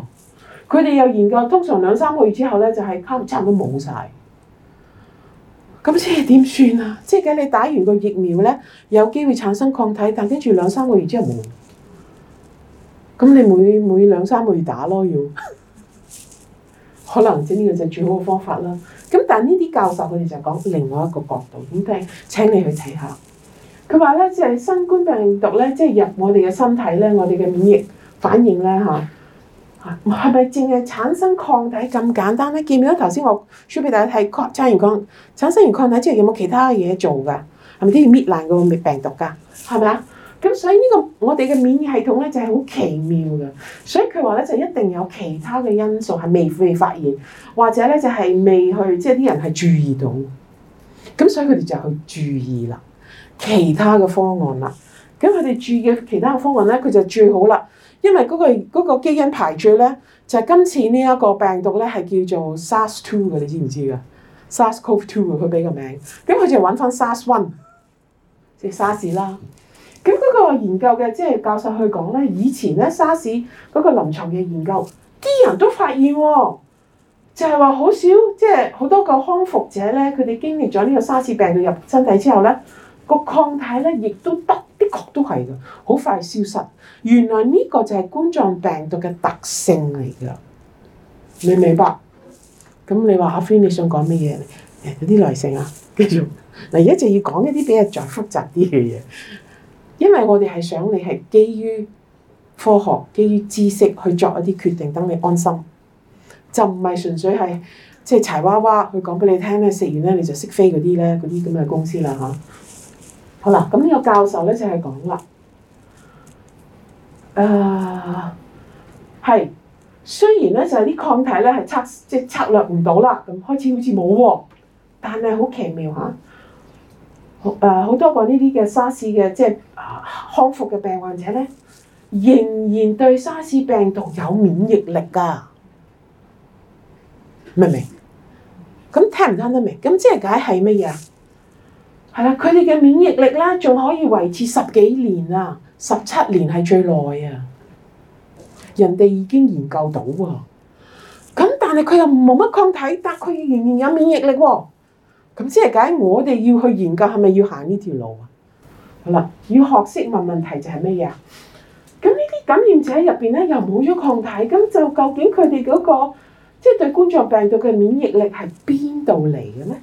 佢哋又研究，通常兩三個月之後呢，就係、是、差唔多冇晒。咁即係點算啊？即係咁，你打完個疫苗呢，有機會產生抗體，但跟住兩三個月之後冇。咁你每每兩三個月打囉，要可能即係呢個就係最好嘅方法啦。咁但呢啲教授佢哋就講另外一個角度，咁即請你去睇下佢話呢，即係新冠病毒呢，即係入我哋嘅身體呢，我哋嘅免疫反應呢。係咪淨係產生抗體咁簡單咧？見唔見到頭先我 share 俾大家睇？即係講產生完抗體之後，有冇其他嘢做噶？係咪都要搣爛個病毒噶？係咪啊？咁所以呢個我哋嘅免疫系統咧就係好奇妙嘅。所以佢話咧就一定有其他嘅因素係未未發現，或者咧就係未去即係啲人係注意到。咁所以佢哋就去注意啦，其他嘅方案啦。咁佢哋注意嘅其他嘅方案咧，佢就最好啦。因為嗰個嗰個基因排序咧，就係今次呢一個病毒咧係叫做 SARS-CoV-2 嘅，你知唔知噶？SARS-CoV-2 佢俾個名，咁佢就揾翻 SARS-1，即係 SARS 啦。咁嗰個研究嘅即係教授去講咧，以前咧 SARS 嗰個臨牀嘅研究，啲人都發現喎，就係話好少，即係好多個康復者咧，佢哋經歷咗呢個 SARS 病毒入身體之後咧，個抗體咧亦都得。確的確都係噶，好快消失。原來呢個就係冠狀病毒嘅特性嚟噶，你明白？咁你話阿飛你想講咩嘢？誒，有啲耐性啊。繼續，嗱，而家就要講一啲比較複雜啲嘅嘢， 因為我哋係想你係基於科學、基於知識去作一啲決定，等你安心，就唔係純粹係即係柴娃娃去講俾你聽咧，食完咧你就識飛嗰啲咧，嗰啲咁嘅公司啦，吓。好啦，這呢個教授就係講啦，誒、呃、係雖然咧就係啲抗體咧係測即唔到啦，咁開始好似冇喎，但係好奇妙、呃、很好多個呢啲嘅沙 a 嘅即係康復嘅病患者仍然對沙 a 病毒有免疫力㗎，明唔明？咁聽唔聽得明？咁即係解係乜嘢？係啦，佢哋嘅免疫力啦，仲可以維持十幾年啊，十七年係最耐啊。人哋已經研究到喎，咁但係佢又冇乜抗體，但佢仍然有免疫力喎。咁即係解我哋要去研究係咪要行呢條路啊？好啦，要學識問問題就係乜嘢？咁呢啲感染者入邊咧又冇咗抗體，咁就究竟佢哋嗰個即係、就是、對冠狀病毒嘅免疫力係邊度嚟嘅咩？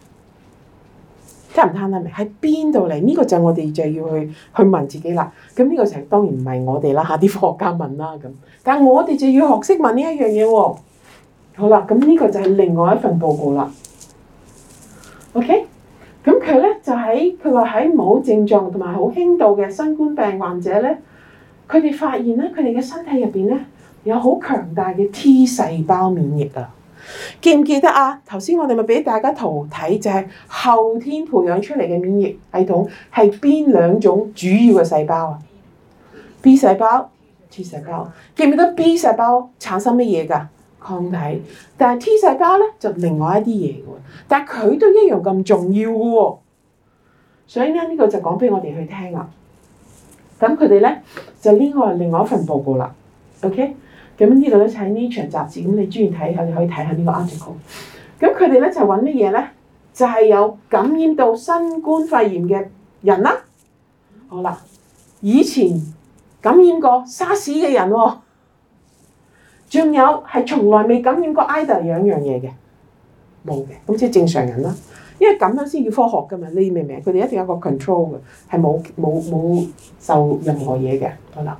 聽唔聽得明？喺邊度嚟？呢個就係我哋就要去去問自己啦。咁呢個成當然唔係我哋啦，嚇啲科學家問啦咁。但係我哋就要學識問呢一樣嘢喎。好啦，咁呢個就係另外一份報告啦。OK，咁佢咧就喺佢話喺冇症狀同埋好輕度嘅新冠病患者咧，佢哋發現咧佢哋嘅身體入邊咧有好強大嘅 T 細胞免疫啊。記唔記得啊？頭先我哋咪畀大家圖睇，就係後天培養出嚟嘅免疫系統係邊兩種主要嘅細胞啊？B 細胞、T 細胞，記唔記得 B 細胞產生乜嘢噶？抗體，但係 T 細胞咧就另外一啲嘢嘅，但係佢都一樣咁重要嘅，所以咧呢個就講俾我哋去聽啦。咁佢哋咧就呢個係另外一份報告啦，OK？咁呢度咧就喺呢場雜誌，咁你鍾意睇下，你可以睇下這個呢個 article。咁佢哋咧就揾乜嘢咧？就係、是就是、有感染到新冠肺炎嘅人啦。好啦，以前感染過沙士嘅人喎、哦，仲有係從來未感染過 idea 兩樣嘢嘅，冇嘅，即係正常人啦。因為咁樣先叫科學㗎嘛，你明唔明？佢哋一定有一個 control 㗎，係冇冇冇受任何嘢嘅。好啦。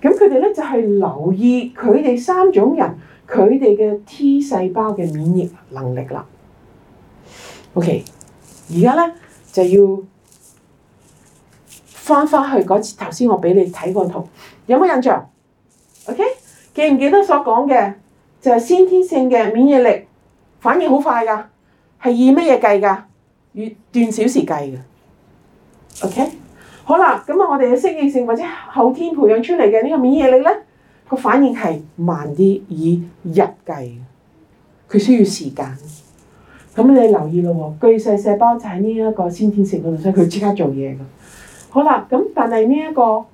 咁佢哋呢，就係、是、留意佢哋三種人佢哋嘅 T 細胞嘅免疫能力啦。OK，而家呢，就要返返去嗰次頭先，剛才我畀你睇個圖，有冇印象？OK，記唔記得所講嘅就係、是、先天性嘅免疫力反應好快㗎，係以乜嘢計㗎？以段小時計㗎。OK。好啦，咁啊，我哋嘅適應性或者後天培養出嚟嘅呢個免疫力咧，個反應係慢啲，以日計，佢需要時間。咁你留意咯喎，巨噬細胞就係呢一個先天性嘅，所以佢即刻做嘢嘅。好啦，咁但係呢一個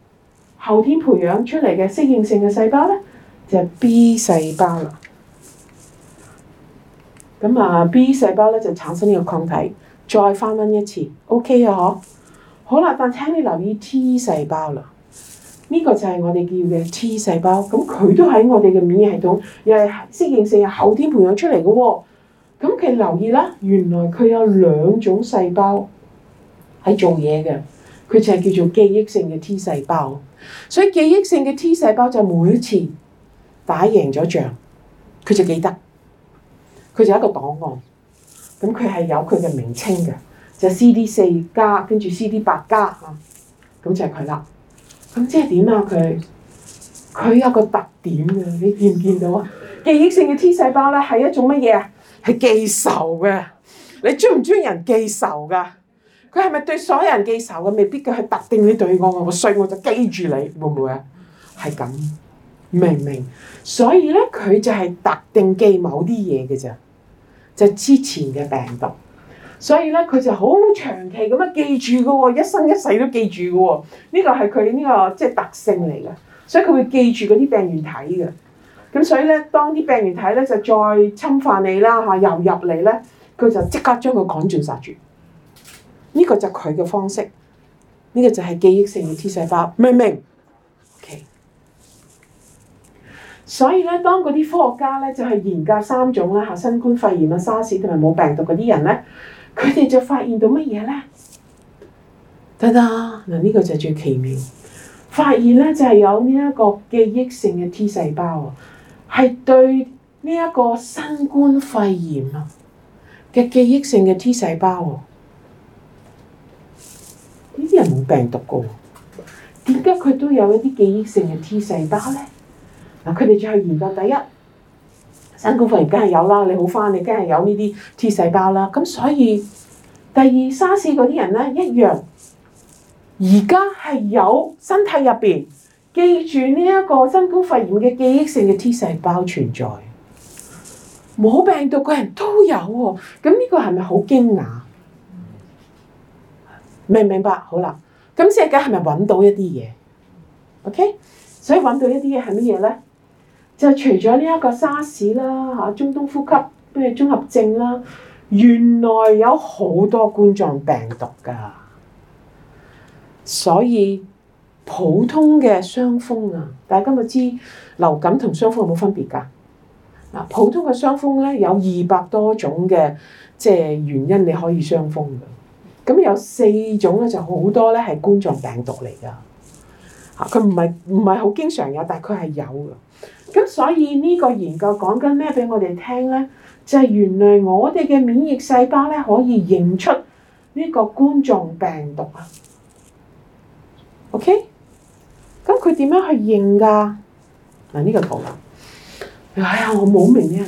後天培養出嚟嘅適應性嘅細胞咧，就係、是、B 細胞啦。咁啊，B 細胞咧就產生呢個抗體，再翻溫一次，OK 啊，嗬。好啦，但請你留意 T 細胞啦，呢個就係我哋叫嘅 T 細胞。咁佢都喺我哋嘅免疫系統，又係適應性、又係後天培養出嚟㗎喎。咁佢留意啦，原來佢有兩種細胞喺做嘢㗎。佢就係叫做記憶性嘅 T 細胞。所以記憶性嘅 T 細胞就每次打贏咗仗，佢就記得，佢就一個檔案。咁佢係有佢嘅名稱㗎。就 C D 四加跟住 C D 八加啊，咁就係佢啦。咁即係點啊？佢，佢有個特點嘅，你見唔見到啊？記憶性嘅 T 細胞咧係一種乜嘢啊？係記仇嘅。你中唔中意人記仇噶？佢係咪對所有人記仇嘅？未必，佢係特定，你對我，我衰，我就記住你，會唔會啊？係咁，明唔明？所以咧，佢就係特定記某啲嘢嘅咋，就係之前嘅病毒。所以咧，佢就好長期咁樣記住嘅喎，一生一世都記住嘅喎。呢、這個係佢呢個即係、就是、特性嚟嘅，所以佢會記住嗰啲病原體嘅。咁所以咧，當啲病原體咧就再侵犯你啦嚇，又入嚟咧，佢就即刻將佢趕盡殺絕。呢、這個就係佢嘅方式，呢、這個就係記憶性嘅 T 細胞，明唔明？所以咧，當嗰啲科學家咧就係研究三種啦，新冠肺炎啊、SARS 同埋冇病毒嗰啲人咧，佢哋就發現到乜嘢咧？得得，嗱、這、呢個就最奇妙。發現咧就係有呢一個記憶性嘅 T 細胞啊，係對呢一個新冠肺炎啊嘅記憶性嘅 T 細胞啊。呢啲人冇病毒噶，點解佢都有一啲記憶性嘅 T 細胞咧？嗱，佢哋再去研究，第一，新冠肺炎梗係有啦，你好返，你梗係有呢啲 T 細胞啦。咁所以，第二，沙士嗰啲人咧一樣，而家係有身體入面記住呢一個新冠肺炎嘅記憶性嘅 T 細胞存在，冇病毒嘅人都有喎。咁呢個係咪好驚訝？明唔明白？好啦，咁即係梗係咪揾到一啲嘢？OK，所以揾到一啲嘢係乜嘢呢？就除咗呢一個沙士啦，嚇，中東呼吸咩綜合症啦，原來有好多冠狀病毒㗎。所以普通嘅傷風啊，大家咪知流感同傷風有冇分別㗎？嗱，普通嘅傷風咧有二百多種嘅，即係原因你可以傷風㗎。咁有四種咧，就好多咧係冠狀病毒嚟㗎。嚇，佢唔係唔係好經常有，但係佢係有㗎。咁所以呢個研究講緊咩俾我哋聽呢？就係原來我哋嘅免疫細胞呢可以認出呢個冠狀病毒啊。OK，咁佢點樣去認㗎？嗱，呢個圖啦。哎呀，我冇明呢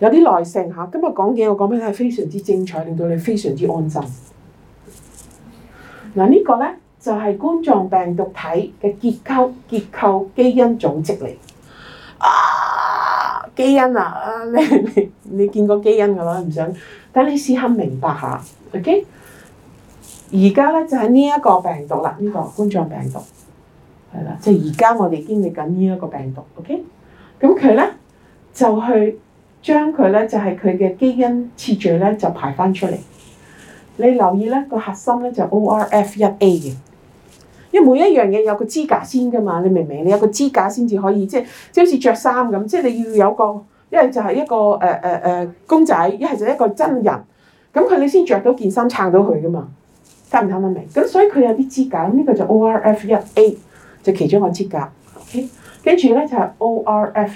個，有啲耐性嚇。今日講嘢我講俾你係非常之精彩，令到你非常之安心。嗱，呢個呢就係冠狀病毒體嘅結構、結構基因組織嚟。啊、基因啊，你你你見過基因嘅啦，唔想，等你試下明白下，OK？而家咧就係呢一個病毒啦，呢個冠狀病毒係啦，即係而家我哋經歷緊呢一個病毒，OK？咁佢咧就去將佢咧就係佢嘅基因次序咧就排翻出嚟。你留意咧個核心咧就係、ORF 一 A 嘅。即係每一樣嘢有個資格先噶嘛，你明唔明？你有個資格先至可以，即係即係好似着衫咁，即係你要有個一係就係一個誒誒誒公仔，一係就一個真人，咁佢你先着到件衫撐到佢噶嘛，得唔得？聽明未？咁所以佢有啲資格，呢個就 ORF 1A 就其中一個資格，OK，跟住咧就係 ORF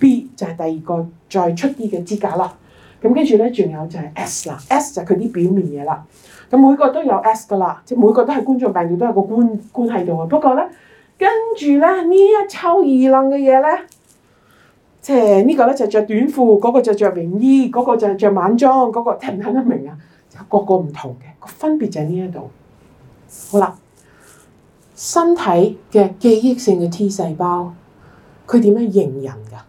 1B 就係第二個再出啲嘅資格啦，咁跟住咧仲有就係 S 啦，S 就係佢啲表面嘢啦。咁每個都有 S 噶啦，即係每個都係冠狀病毒，都係個冠冠喺度啊。不過咧，跟住咧呢一抽二掕嘅嘢咧，即係呢個咧就着短褲，嗰個著著泳衣，嗰個著着晚裝，嗰個聽唔聽得明啊？就個個唔同嘅個分別就喺呢一度。好啦，身體嘅記憶性嘅 T 細胞佢點樣認人噶？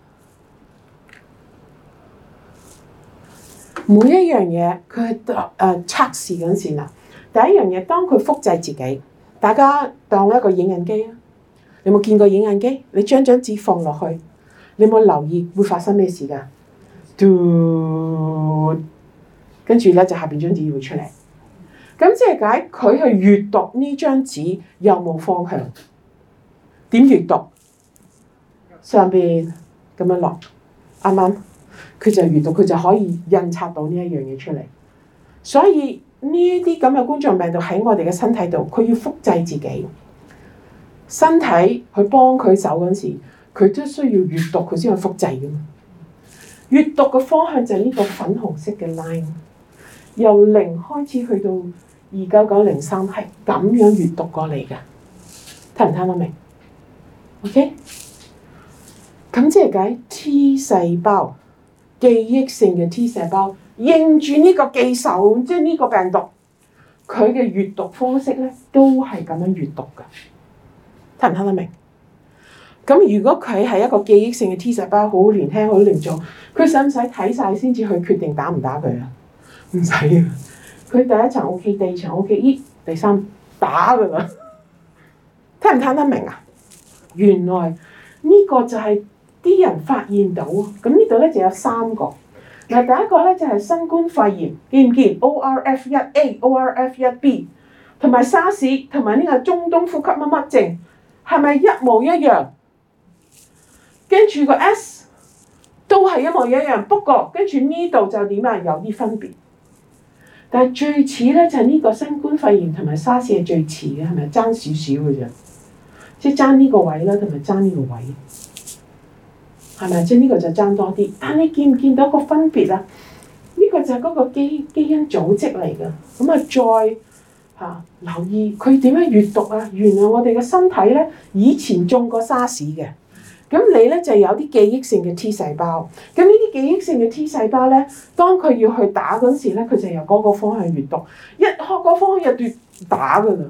每一樣嘢佢誒測試緊先啦。第一樣嘢，當佢複製自己，大家當一個影印機啊！你有冇見過影印機？你將張紙放落去，你有冇留意會發生咩事㗎？嘟，跟住咧就下面張紙會出嚟。咁即係解佢去閱讀呢張紙有冇有方向？點閱讀？上面，咁樣落，啱啱。佢就係閱讀，佢就可以印刷到呢一樣嘢出嚟。所以呢一啲咁嘅冠狀病毒喺我哋嘅身體度，佢要複製自己。身體去幫佢走嗰陣時，佢都需要閱讀，佢先去複製嘅嘛。閱讀嘅方向就係呢個粉紅色嘅 line，由零開始去到二九九零三，係咁樣閱讀過嚟嘅。聽唔聽得明？OK，咁即係解 T 細胞。記憶性嘅 T 細胞認住呢個記仇，即係呢個病毒，佢嘅閲讀方式呢都係咁樣閲讀嘅。聽唔聽得明？咁如果佢係一個記憶性嘅 T 細胞，好年輕，好年少，佢使唔使睇晒先至去決定打唔打佢啊？唔使啊！佢第一層 OK，第二層 OK，咦，第三打佢啦。聽唔聽得明啊？原來呢個就係、是。啲人發現到啊！咁呢度咧就有三個。嗱，第一個咧就係新冠肺炎，見唔見？O R F 一 A、O R F 一 B 同埋沙士同埋呢個中東呼吸乜乜症，係咪一模一樣？跟住個 S 都係一模一樣，不過跟住呢度就點啊？有啲分別。但係最似咧就係呢個新冠肺炎同埋沙士係最似嘅係咪？爭少少嘅啫，即係爭呢個位啦，同埋爭呢個位。係咪即係呢個就爭多啲，但你見唔見到個分別啊？呢個就係嗰個基基因組織嚟嘅。咁啊再嚇留意佢點樣閲讀啊？原來我哋嘅身體咧以前種過沙士嘅，咁你咧就有啲記憶性嘅 T 細胞，咁呢啲記憶性嘅 T 細胞咧，當佢要去打嗰陣時咧，佢就由嗰個方向閲讀，一開嗰方向入邊打㗎啦，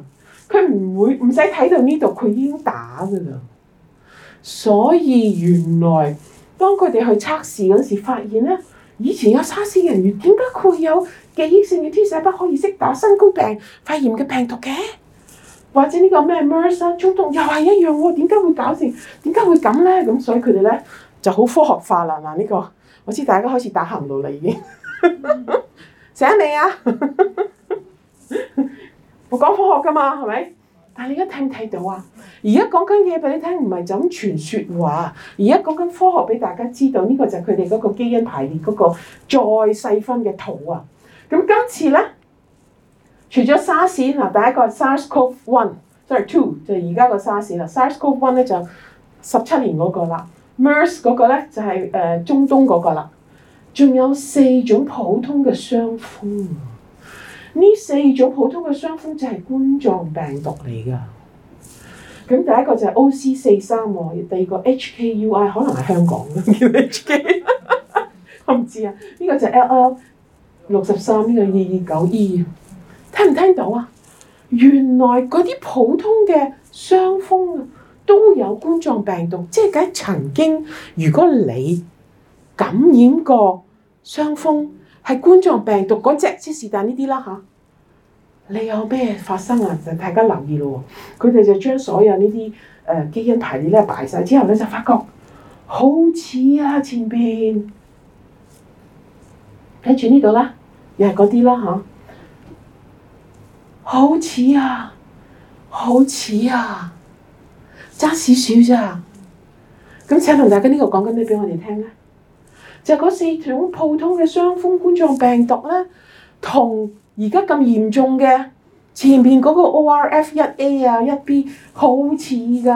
佢唔會唔使睇到呢度，佢已經打㗎啦。所以原來當佢哋去測試嗰時候，發現咧，以前有沙士人員點解會有記憶性嘅 T 細胞可以識打新冠肺炎嘅病毒嘅，或者呢個咩 MERS 衝動又係一樣喎？點解會搞成點解會咁咧？咁所以佢哋咧就好科學化啦，嗱、這、呢個我知大家開始打行路啦，已經，醒未啊？我講科學噶嘛，係咪？但係你而家睇唔睇到啊？而家講緊嘢俾你聽，唔係就咁傳説話。而家講緊科學俾大家知道，呢個就係佢哋嗰個基因排列嗰個再細分嘅圖啊。咁今次咧，除咗沙士嗱，第一個係 SARS-CoV-1，sorry two，就係而家個沙士啦。SARS-CoV-1 咧就十七年嗰個啦，MERS 嗰個咧就係誒中東嗰個啦，仲有四種普通嘅傷風。呢四種普通嘅傷風就係冠狀病毒嚟㗎。咁第一個就係 O C 四三喎，第二個 H K U I 可能係香港啦，叫 H K，我唔知啊。呢、呢個就係 L L 六十三，呢個二二九 E。聽唔聽到啊？原來嗰啲普通嘅傷風都有冠狀病毒，即係喺曾經，如果你感染過傷風。係冠狀病毒嗰隻，即是但呢啲啦。你有咩發生啊？大家留意咯。佢哋就將所有呢啲、呃、基因排列咧擺曬之後，你就發覺好似啊前面，睇住呢度啦，又係嗰啲啦。好似啊，好似啊，爭少少咋？咁請同大家呢個講緊咩畀我哋聽呢？就嗰四種普通嘅雙風冠狀病毒和同而家咁嚴重嘅前面嗰個 ORF 一 A 啊一 B 好似㗎。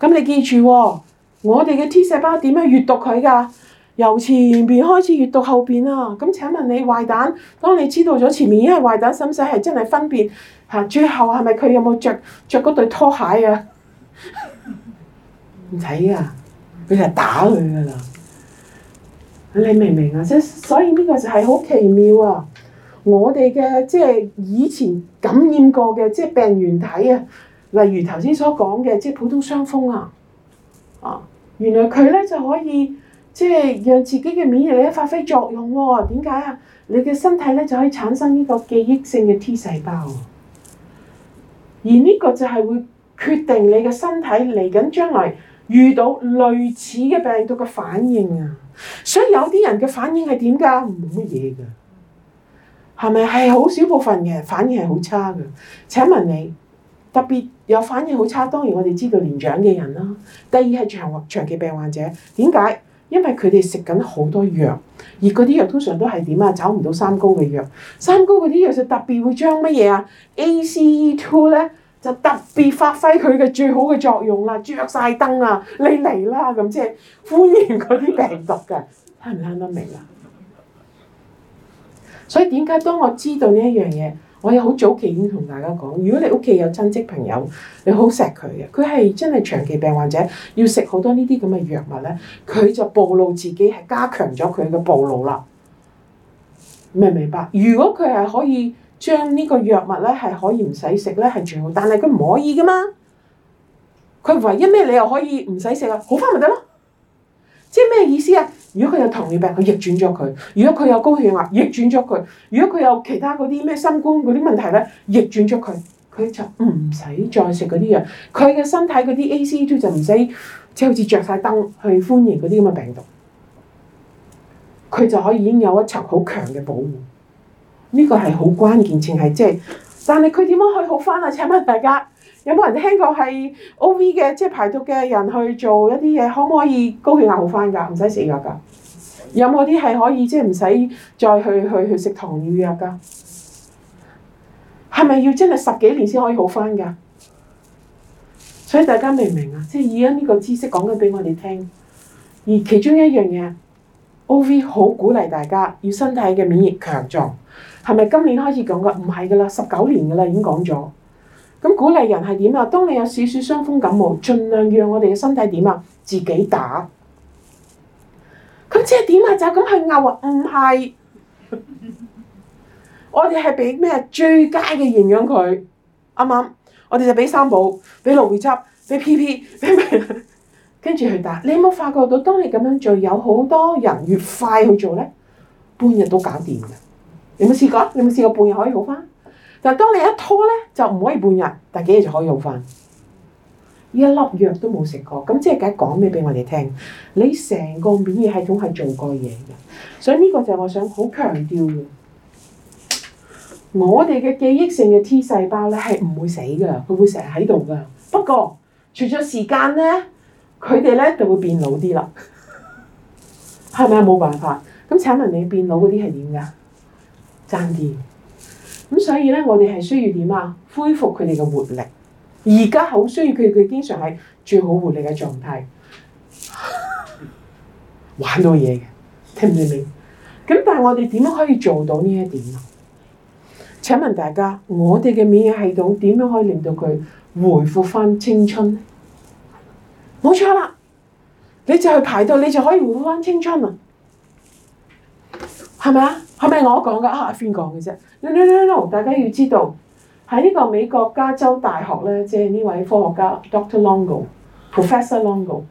那你記住喎、哦，我哋嘅 T 細胞點樣閱讀佢㗎？由前面開始閱讀後面啊！咁請問你壞蛋，當你知道咗前面因經壞蛋，使唔使係真係分別？最最後係咪佢有冇著著嗰對拖鞋啊？唔睇啊！你係打佢㗎你明唔明啊？即係所以呢個就係好奇妙啊！我哋嘅即係以前感染過嘅即係病原體啊，例如頭先所講嘅即係普通傷風啊，啊，原來佢咧就可以即係、就是、讓自己嘅免疫力咧發揮作用喎？點解啊？你嘅身體咧就可以產生呢個記憶性嘅 T 細胞，而呢個就係會決定你嘅身體嚟緊將來。遇到類似嘅病毒嘅反應啊，所以有啲人嘅反應係點㗎？冇乜嘢㗎，係咪係好少部分嘅反應係好差㗎？請問你特別有反應好差，當然我哋知道年長嘅人啦。第二係長長期病患者，點解？因為佢哋食緊好多藥，而嗰啲藥通常都係點啊？找唔到三高嘅藥，三高嗰啲藥就特別會將乜嘢啊？ACE2 咧。ACE 就特別發揮佢嘅最好嘅作用啦，着晒燈啊！你嚟啦，咁即係歡迎嗰啲病毒嘅，聽唔聽得明啊？所以點解當我知道呢一樣嘢，我有好早期已經同大家講，如果你屋企有親戚朋友，你好錫佢嘅，佢係真係長期病患者，要食好多呢啲咁嘅藥物咧，佢就暴露自己係加強咗佢嘅暴露啦。明唔明白？如果佢係可以。將呢個藥物咧係可以唔使食咧係最好，但係佢唔可以噶嘛。佢唯一咩理由可以唔使食啊？好翻咪得咯？即係咩意思啊？如果佢有糖尿病，佢逆轉咗佢；如果佢有高血壓，逆轉咗佢；如果佢有其他嗰啲咩心肝嗰啲問題咧，逆轉咗佢，佢就唔使再食嗰啲藥。佢嘅身體嗰啲 ACE2 就唔使即係好似着晒燈去歡迎嗰啲咁嘅病毒，佢就可以已經有一層好強嘅保護。呢個係好關鍵，正係即係，但係佢點樣去好翻啊？請問大家有冇人聽過係 O V 嘅，即係排毒嘅人去做一啲嘢，可唔可以高血壓好翻㗎？唔使食藥㗎？有冇啲係可以即係唔使再去去去食糖尿藥㗎？係咪要真係十幾年先可以好翻㗎？所以大家明唔明啊？即係以呢個知識講緊俾我哋聽，而其中一樣嘢，O V 好鼓勵大家要身體嘅免疫力強壯。係咪今年開始講㗎？唔係㗎啦，十九年㗎啦，已經講咗。咁鼓勵人係點啊？當你有少少傷風感冒，盡量讓我哋嘅身體點啊？自己打。佢即係點啊？就咁去拗啊？唔係， 我哋係俾咩最佳嘅營養佢。啱啱？我哋就俾三寶，俾蘆薈汁，俾 PP，俾咩？跟 住去打。你有冇發覺到，當你咁樣做，有好多人越快去做咧，半日都搞掂㗎。你有冇試過？你有冇試過半日可以好返？但係當你一拖呢，就唔可以半日，但係幾日就可以好返。呢一粒藥都冇食過，咁即係梗係講咩俾我哋聽？你成個免疫系統係做過嘢嘅，所以呢個就係我想好強調嘅。我哋嘅記憶性嘅 T 細胞呢係唔會死㗎，佢會成日喺度㗎。不過除咗時間呢，佢哋呢就會變老啲啦。係咪啊？冇辦法。咁請問你變老嗰啲係點㗎？爭啲咁，所以咧，我哋係需要點啊？恢復佢哋嘅活力，而家好需要佢，佢經常喺最好活力嘅狀態， 玩到嘢嘅，聽唔聽得明？咁，但係我哋點樣可以做到呢一點啊？請問大家，我哋嘅免疫系統點樣可以令到佢回復翻青春？冇錯啦，你就去排隊，你就可以回復翻青春啦，係咪啊？係咪我講嘅啊，阿芬講嘅啫。no no no no，大家要知道喺呢個美國加州大學咧，即係呢位科學家 Dr. Longo，Professor Longo，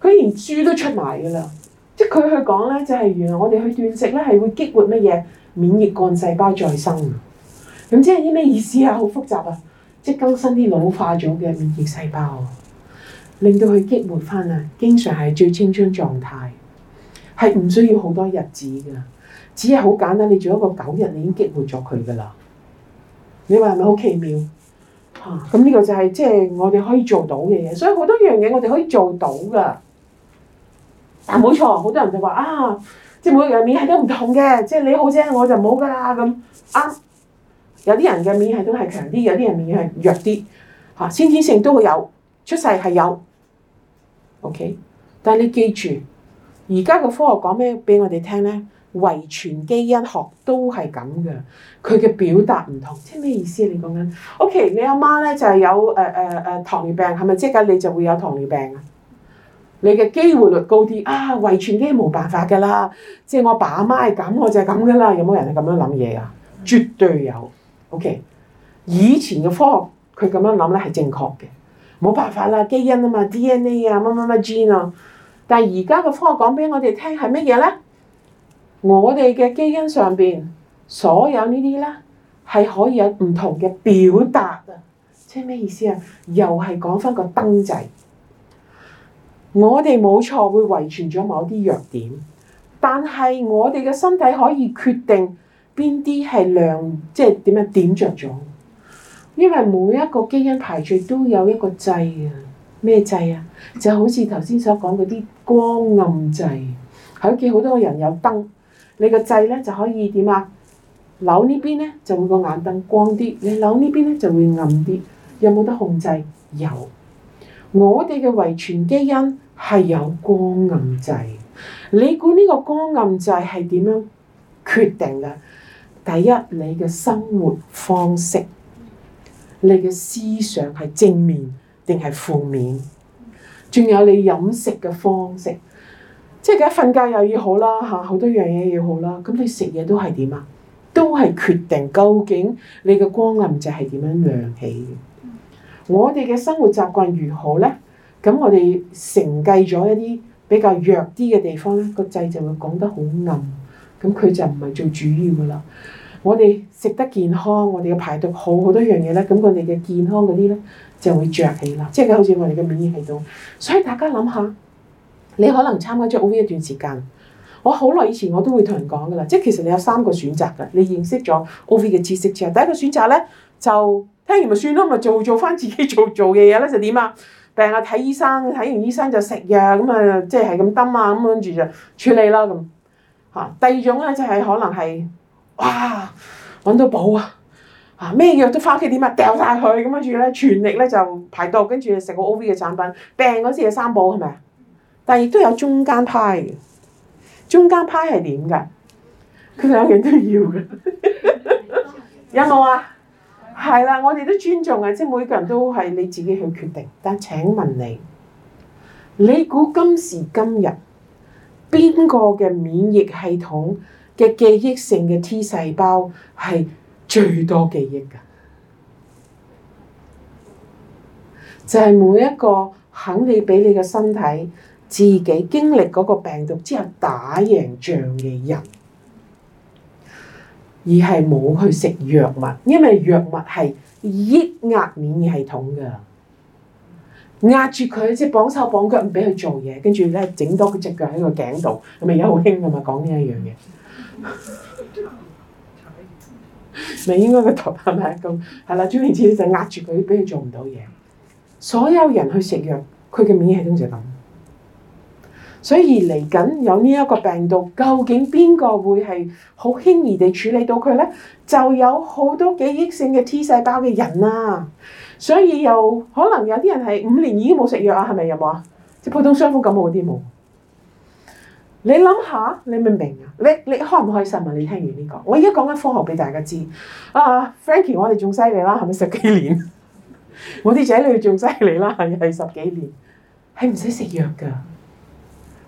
佢連書都出埋嘅啦、就是、他即佢去講就係、是、原來我哋去斷食是係會激活乜嘢免疫幹細胞再生。咁即係啲咩意思啊？好複雜啊！即、就是、更新啲老化咗嘅免疫細胞，令到佢激活返呀，經常係最青春狀態，係唔需要好多日子㗎只係好簡單，你做一個九日，你已經激活咗佢噶啦。你話係咪好奇妙？嚇、啊！咁呢個就係即係我哋可以做到嘅嘢。所以好多樣嘢我哋可以做到噶。但冇錯，好多人就話啊，即係每個人免疫力都唔同嘅，即係你好啫，我就冇噶啦咁。啱、啊，有啲人嘅免疫力都係強啲，有啲人免疫力弱啲，嚇、啊，先天性都會有，出世係有。OK，但你記住，而家個科學講咩俾我哋聽咧？遺傳基因學都係咁嘅，佢嘅表達唔同，即係咩意思啊？你講緊，O K，你阿媽咧就係有誒誒誒糖尿病，係咪即係你就會有糖尿病啊？你嘅機會率高啲啊？遺傳基因冇辦法噶啦，即係我爸阿媽係咁，我就係咁噶啦。有冇人係咁樣諗嘢啊？絕對有，O、OK、KOK。以前嘅科學佢咁樣諗咧係正確嘅，冇辦法啦，基因啊嘛，DNA 啊，乜乜乜 gene 啊。但係而家嘅科學講俾我哋聽係乜嘢咧？我哋嘅基因上面，所有呢啲啦，係可以有唔同嘅表達啊！即係咩意思啊？又係講翻個燈掣。我哋冇錯會遺傳咗某啲弱點，但係我哋嘅身體可以決定邊啲係亮，即係點樣點著咗。因為每一個基因排序都有一個掣啊！咩掣啊？就好似頭先所講嗰啲光暗掣，喺見好多人有燈。你個掣咧就可以點啊？扭呢邊咧就會個眼燈光啲，你扭呢邊咧就會暗啲。有冇得控制？有。我哋嘅遺傳基因係有光暗掣。你估呢個光暗掣係點樣決定嘅？第一，你嘅生活方式，你嘅思想係正面定係負面？仲有你飲食嘅方式。即係佢瞓覺又要好啦嚇，很多東西好多樣嘢要好啦。咁你食嘢都係點啊？都係決定究竟你嘅光暗掣係點樣亮起嘅。嗯、我哋嘅生活習慣如何咧？咁我哋承繼咗一啲比較弱啲嘅地方咧，個掣就會講得好暗。咁佢就唔係最主要噶啦。我哋食得健康，我哋嘅排毒好，好多樣嘢咧。咁佢哋嘅健康嗰啲咧就會着起啦。即係好似我哋嘅免疫系統。所以大家諗下。你可能參加咗 OV 一段時間，我好耐以前我都會同人講噶啦，即係其實你有三個選擇噶。你認識咗 OV 嘅知識之後，第一個選擇咧就聽完咪算咯，咪做做翻自己做做嘅嘢咧就點啊？病啊睇醫生，睇完醫生就食藥咁啊，即係係咁蹬啊咁跟住就處理啦咁嚇。第二種咧就係、是、可能係哇揾到寶啊啊咩藥都翻屋企點啊，掉晒佢咁，跟住咧全力咧就排毒，跟住食個 OV 嘅產品，病嗰時有三寶係咪啊？是但亦都有中間派，中間派係點嘅？佢兩樣都要嘅， 有冇啊？係啦，我哋都尊重嘅，即係每個人都係你自己去決定。但係請問你，你估今時今日邊個嘅免疫系統嘅記憶性嘅 T 細胞係最多記憶嘅？就係、是、每一個肯你俾你嘅身體，自己經歷嗰個病毒之後打贏仗嘅人，而係冇去食藥物，因為藥物係抑壓免疫系統噶，壓住佢即係綁手綁腳，唔俾佢做嘢，跟住咧整多佢隻腳喺個頸度。咁而家好興噶嘛，講呢一樣嘢，咪應該個頭拍拍咁係啦？總言之就係壓住佢，俾佢做唔到嘢。所有人去食藥，佢嘅免疫系統就咁。所以嚟緊有呢一個病毒，究竟邊個會係好輕易地處理到佢咧？就有好多記憶性嘅 T 細胞嘅人啊！所以又可能有啲人係五年已經冇食藥啊，係咪有冇啊？即普通傷風感冒嗰啲冇。你諗下，你明唔明啊？你你開唔開心啊？你聽完呢個，我而家講緊科學俾大家知啊。Frankie，我哋仲犀利啦，係咪十幾年？ 我啲仔女仲犀利啦，係係十幾年，係唔使食藥㗎。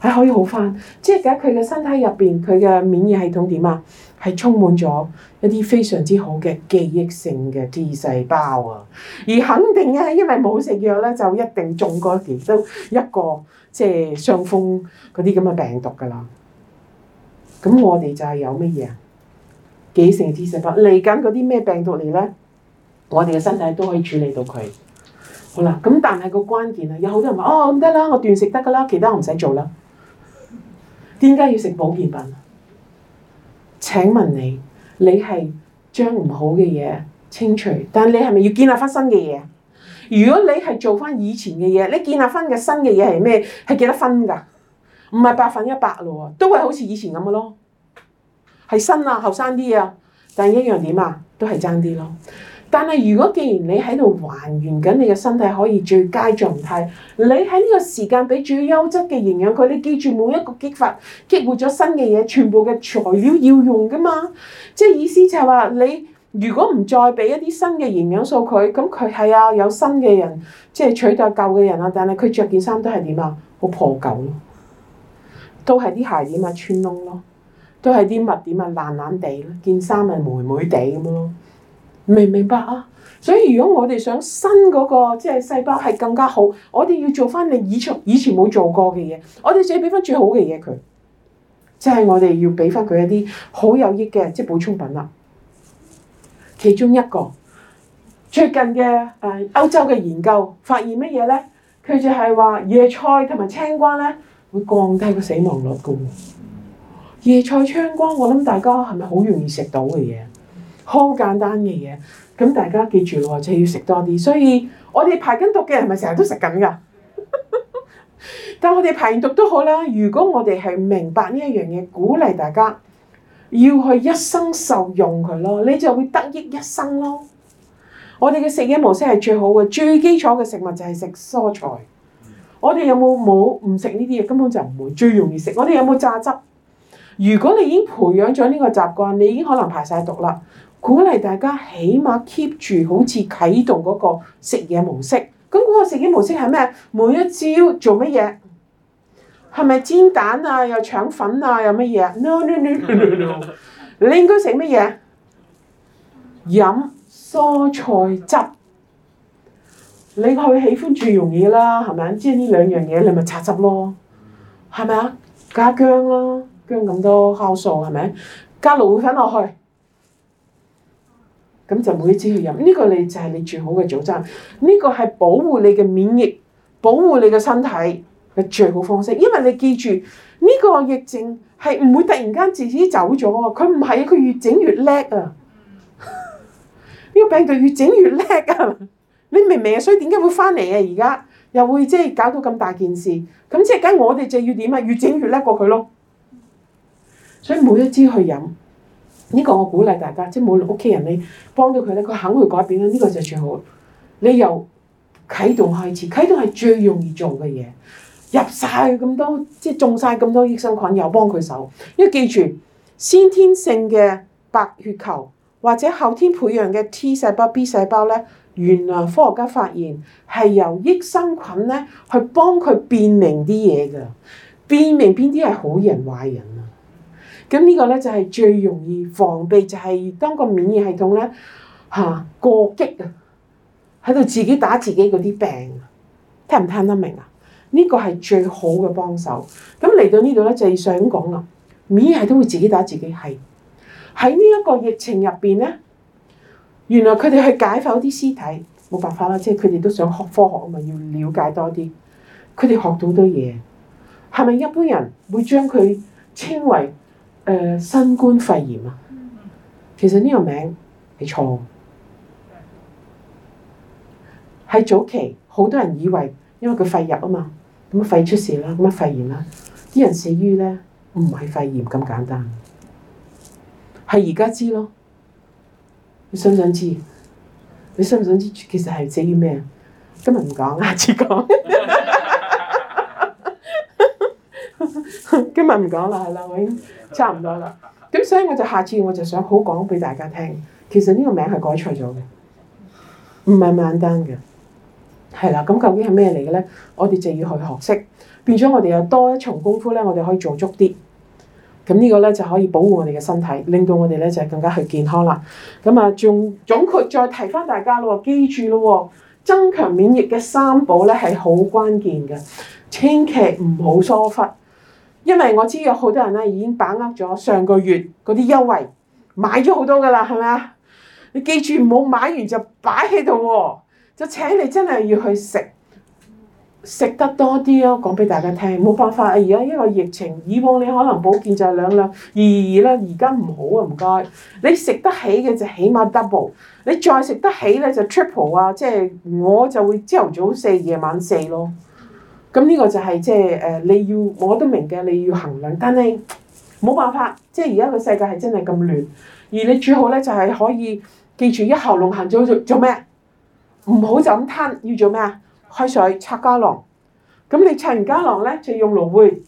係可以好返，即係而家佢嘅身體入邊，佢嘅免疫系統點啊？係充滿咗一啲非常之好嘅記憶性嘅 T 細胞啊！而肯定啊，因為冇食藥咧，就一定中過其中一個即係傷風嗰啲咁嘅病毒噶啦。咁我哋就係有乜嘢啊？記憶性 T 細胞嚟緊嗰啲咩病毒嚟咧？我哋嘅身體都可以處理到佢。好啦，咁但係個關鍵啊，有好多人話：哦，咁得啦，我斷食得噶啦，其他我唔使做啦。點解要食保健品？請問你，你係將唔好嘅嘢清除，但你係咪要建立翻新嘅嘢？如果你係做翻以前嘅嘢，你建立翻嘅新嘅嘢係咩？係幾多分㗎？唔係百分一百咯，都係好似以前咁嘅咯。係新啊，後生啲啊，但一樣點啊，都係爭啲咯。但係，如果既然你喺度還原緊你嘅身體可以最佳狀態，你喺呢個時間俾最優質嘅營養佢，你記住每一個激發、激活咗新嘅嘢，全部嘅材料要用噶嘛。即係意思就係話，你如果唔再俾一啲新嘅營養素佢，咁佢係啊有新嘅人，即係取代舊嘅人啊。但係佢着件衫都係點啊？好破舊咯，都係啲鞋點啊穿窿咯，都係啲襪點啊爛爛地咯，件衫係黴黴地咁咯。明唔明白啊？所以如果我哋想新嗰、那個即係、就是、細胞係更加好，我哋要做翻你以前以前冇做過嘅嘢，我哋再俾翻最好嘅嘢佢，即、就、係、是、我哋要俾翻佢一啲好有益嘅即係補充品啦。其中一個最近嘅誒歐洲嘅研究發現乜嘢咧？佢就係話椰菜同埋青瓜咧會降低個死亡率噶喎。椰菜、青瓜，我諗大家係咪好容易食到嘅嘢？好簡單嘅嘢，咁大家記住咯，就係、是、要食多啲。所以我哋是是， 我哋排緊毒嘅人，係咪成日都食緊噶？但係我哋排完毒都好啦。如果我哋係明白呢一樣嘢，鼓勵大家要去一生受用佢咯，你就會得益一生咯。我哋嘅食嘢模式係最好嘅，最基礎嘅食物就係食蔬菜。我哋有冇冇唔食呢啲嘢？根本就唔會最容易食。我哋有冇榨汁？如果你已經培養咗呢個習慣，你已經可能排晒毒啦。鼓勵大家起碼 keep 住好似啟動嗰個食嘢模式，咁嗰個食嘢模式係咩？每一朝做乜嘢？係咪煎蛋啊？又腸粉啊？又乜嘢？No no no no, no. 你應該食乜嘢？飲蔬菜汁。你去喜歡住容易啦，係咪？即係呢兩樣嘢，你咪擦汁咯，係咪啊？加薑啦、啊，薑咁多酵素係咪？加蘆薈粉落去。咁就每一支去飲，呢個就你就係你最好嘅早餐。呢個係保護你嘅免疫，保護你嘅身體嘅最好方式。因為你記住，呢個疫症係唔會突然間自己走咗，佢唔係，佢越整越叻啊！呢 個病毒越整越叻啊！你明唔明啊？所以點解會翻嚟啊？而家又會即係搞到咁大件事，咁即係梗係我哋就要點啊，越整越叻過佢咯。所以每一支去飲。呢個我鼓勵大家，即係每屋企人你幫到佢咧，佢肯去改變咧，呢個就最好。你由啟動開始，啟動係最容易做嘅嘢。入晒咁多，即係種晒咁多益生菌，又幫佢手。因為記住，先天性嘅白血球或者後天培養嘅 T 細胞、B 細胞咧，原來科學家發現係由益生菌咧去幫佢辨明啲嘢㗎，辨明邊啲係好人壞人。咁呢個咧就係最容易防備，就係、是、當個免疫系統咧嚇過激啊，喺度自己打自己嗰啲病啊，聽唔聽得明啊？呢、這個係最好嘅幫手。咁嚟到呢度咧就係想講啦，免疫系都會自己打自己係喺呢一個疫情入邊咧，原來佢哋去解剖啲屍體，冇辦法啦，即係佢哋都想學科學啊嘛，要了解多啲，佢哋學到多嘢係咪？是不是一般人會將佢稱為？誒、呃、新冠肺炎啊，其實呢個名係錯喎。喺早期好多人以為，因為佢肺入啊嘛，咁啊肺出事啦，咁啊肺炎啦，啲人死於呢，唔係肺炎咁簡單，係而家知咯。你想唔想知？你想唔想知其實係死於咩啊？今日唔講，下次講。 今日唔講啦，係啦，我已經差唔多啦。咁所以我就下次我就想好講俾大家聽，其實呢個名係改除咗嘅，唔係萬丹嘅，係啦。咁究竟係咩嚟嘅咧？我哋就要去學識，變咗我哋有多一重功夫咧，我哋可以做足啲。咁呢個咧就可以保護我哋嘅身體，令到我哋咧就係更加去健康啦。咁啊，仲總，總括再提翻大家咯，記住咯，增強免疫嘅三寶咧係好關鍵嘅，千祈唔好疏忽。因為我知有好多人咧已經把握咗上個月嗰啲優惠買咗好多噶啦，係咪啊？你記住唔好買完就擺喺度喎，就請你真係要去食，食得多啲咯。講俾大家聽，冇辦法啊！而家因為疫情，以往你可能保健就係兩兩二二啦，而家唔好啊，唔該。你食得起嘅就起碼 double，你再食得起咧就 triple 啊！即係我就會朝頭早四，夜晚四咯。咁呢個就係即係誒，你要我都明嘅，你要衡量。但係冇辦法，即係而家個世界係真係咁亂。而你最好咧就係、是、可以記住一喉嚨行咗做做咩？唔好就咁吞，要做咩啊？開水拆膠囊。咁你拆完膠囊咧，就用蘆薈、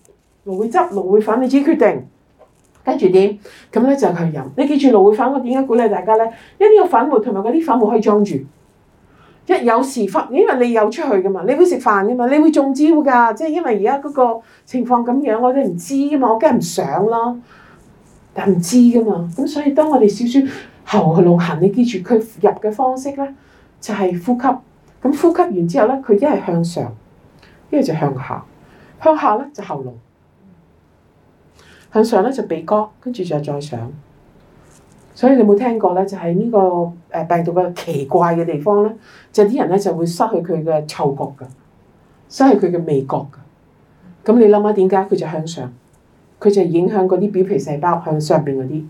蘆薈汁、蘆薈粉，你自己決定。跟住點？咁咧就去飲。你記住蘆薈粉，我點解鼓勵大家咧？因為呢個粉末同埋嗰啲粉末可以裝住。一有時發，因為你有出去㗎嘛，你會食飯㗎嘛，你會中招㗎。即係因為而家嗰個情況咁樣，我哋唔知嘛，我梗係唔想囉。但唔知㗎嘛，咁所以當我哋少少喉嚨行，你記住佢入嘅方式呢，就係、是、呼吸。咁呼吸完之後呢，佢一係向上，一係就向下。向下呢就喉嚨，向上呢就鼻哥，跟住就再上。所以你有冇聽過呢，就係呢個病毒嘅奇怪嘅地方呢，就啲人咧就會失去佢嘅嗅覺㗎，失去佢嘅味覺㗎。咁你諗下點解佢就向上？佢就影響嗰啲表皮細胞向上面嗰啲。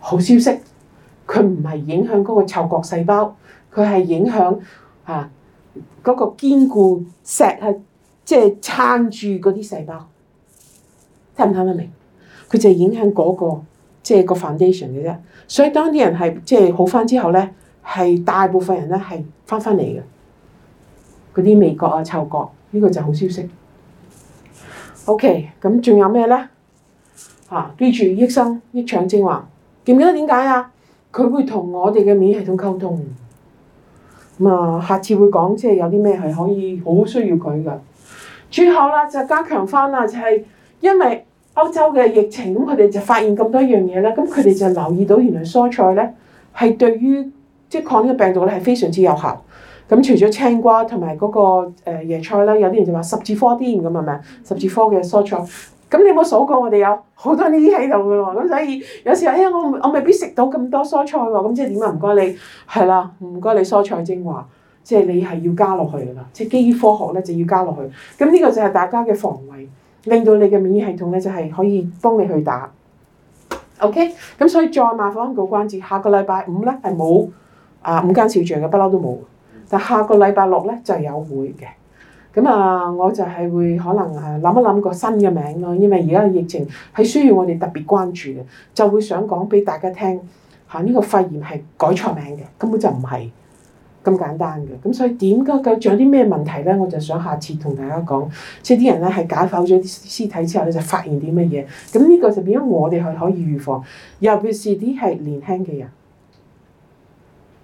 好消息，佢唔係影響嗰個嗅覺細胞，佢係影響嚇嗰個堅固石係即係撐住嗰啲細胞。聽唔聽得明？佢就係影響嗰個。即係個 foundation 嘅啫，所以當啲人係即係好翻之後咧，係大部分人咧係翻翻嚟嘅，嗰啲味覺啊、嗅覺，呢、這個就好消息。OK，咁仲有咩咧？吓、啊，記住益生益腸精華，記唔記得點解啊？佢會同我哋嘅免疫系統溝通。咁啊，下次會講即係有啲咩係可以好需要佢噶。最後啦，就加強翻啦，就係、是、因為。歐洲嘅疫情，咁佢哋就發現咁多樣嘢啦。咁佢哋就留意到原來蔬菜咧係對於即係抗呢個病毒咧係非常之有效。咁除咗青瓜同埋嗰個椰菜啦，有啲人就話十字花科啲咁係咪十字花科嘅蔬菜，咁你有冇數過我哋有好多呢啲喺度噶咯？咁所以有時候誒，我、哎、我未必食到咁多蔬菜喎，咁即係點啊？唔該你係啦，唔該你蔬菜精華，即係你係要加落去噶啦，即係基於科學咧就要加落去。咁呢個就係大家嘅防衞。令到你嘅免疫系統咧，就係、是、可以幫你去打。OK，咁所以再麻煩各位關注，下個禮拜五咧係冇啊五間小住小聚嘅，不嬲都冇。但下個禮拜六咧就係、有會嘅。咁啊，我就係會可能啊諗一諗個新嘅名咯，因為而家嘅疫情係需要我哋特別關注嘅，就會想講俾大家聽嚇呢、啊呢個肺炎係改錯名嘅，根本就唔係。咁簡單嘅，咁所以點解究竟仲有啲咩問題咧？我就想下次同大家講，即係啲人咧係解剖咗啲屍體之後咧就發現啲乜嘢，咁呢個就變咗我哋係可以預防，尤其是啲係年輕嘅人，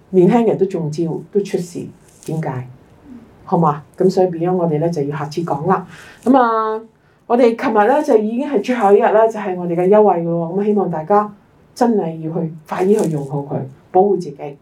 年輕人都中招都出事點解？好嘛，咁所以變咗我哋咧就要下次講啦。咁啊，我哋琴日咧就已經係最後一日啦，就係我哋嘅優惠嘅喎，咁希望大家真係要去快啲去用好佢，保護自己。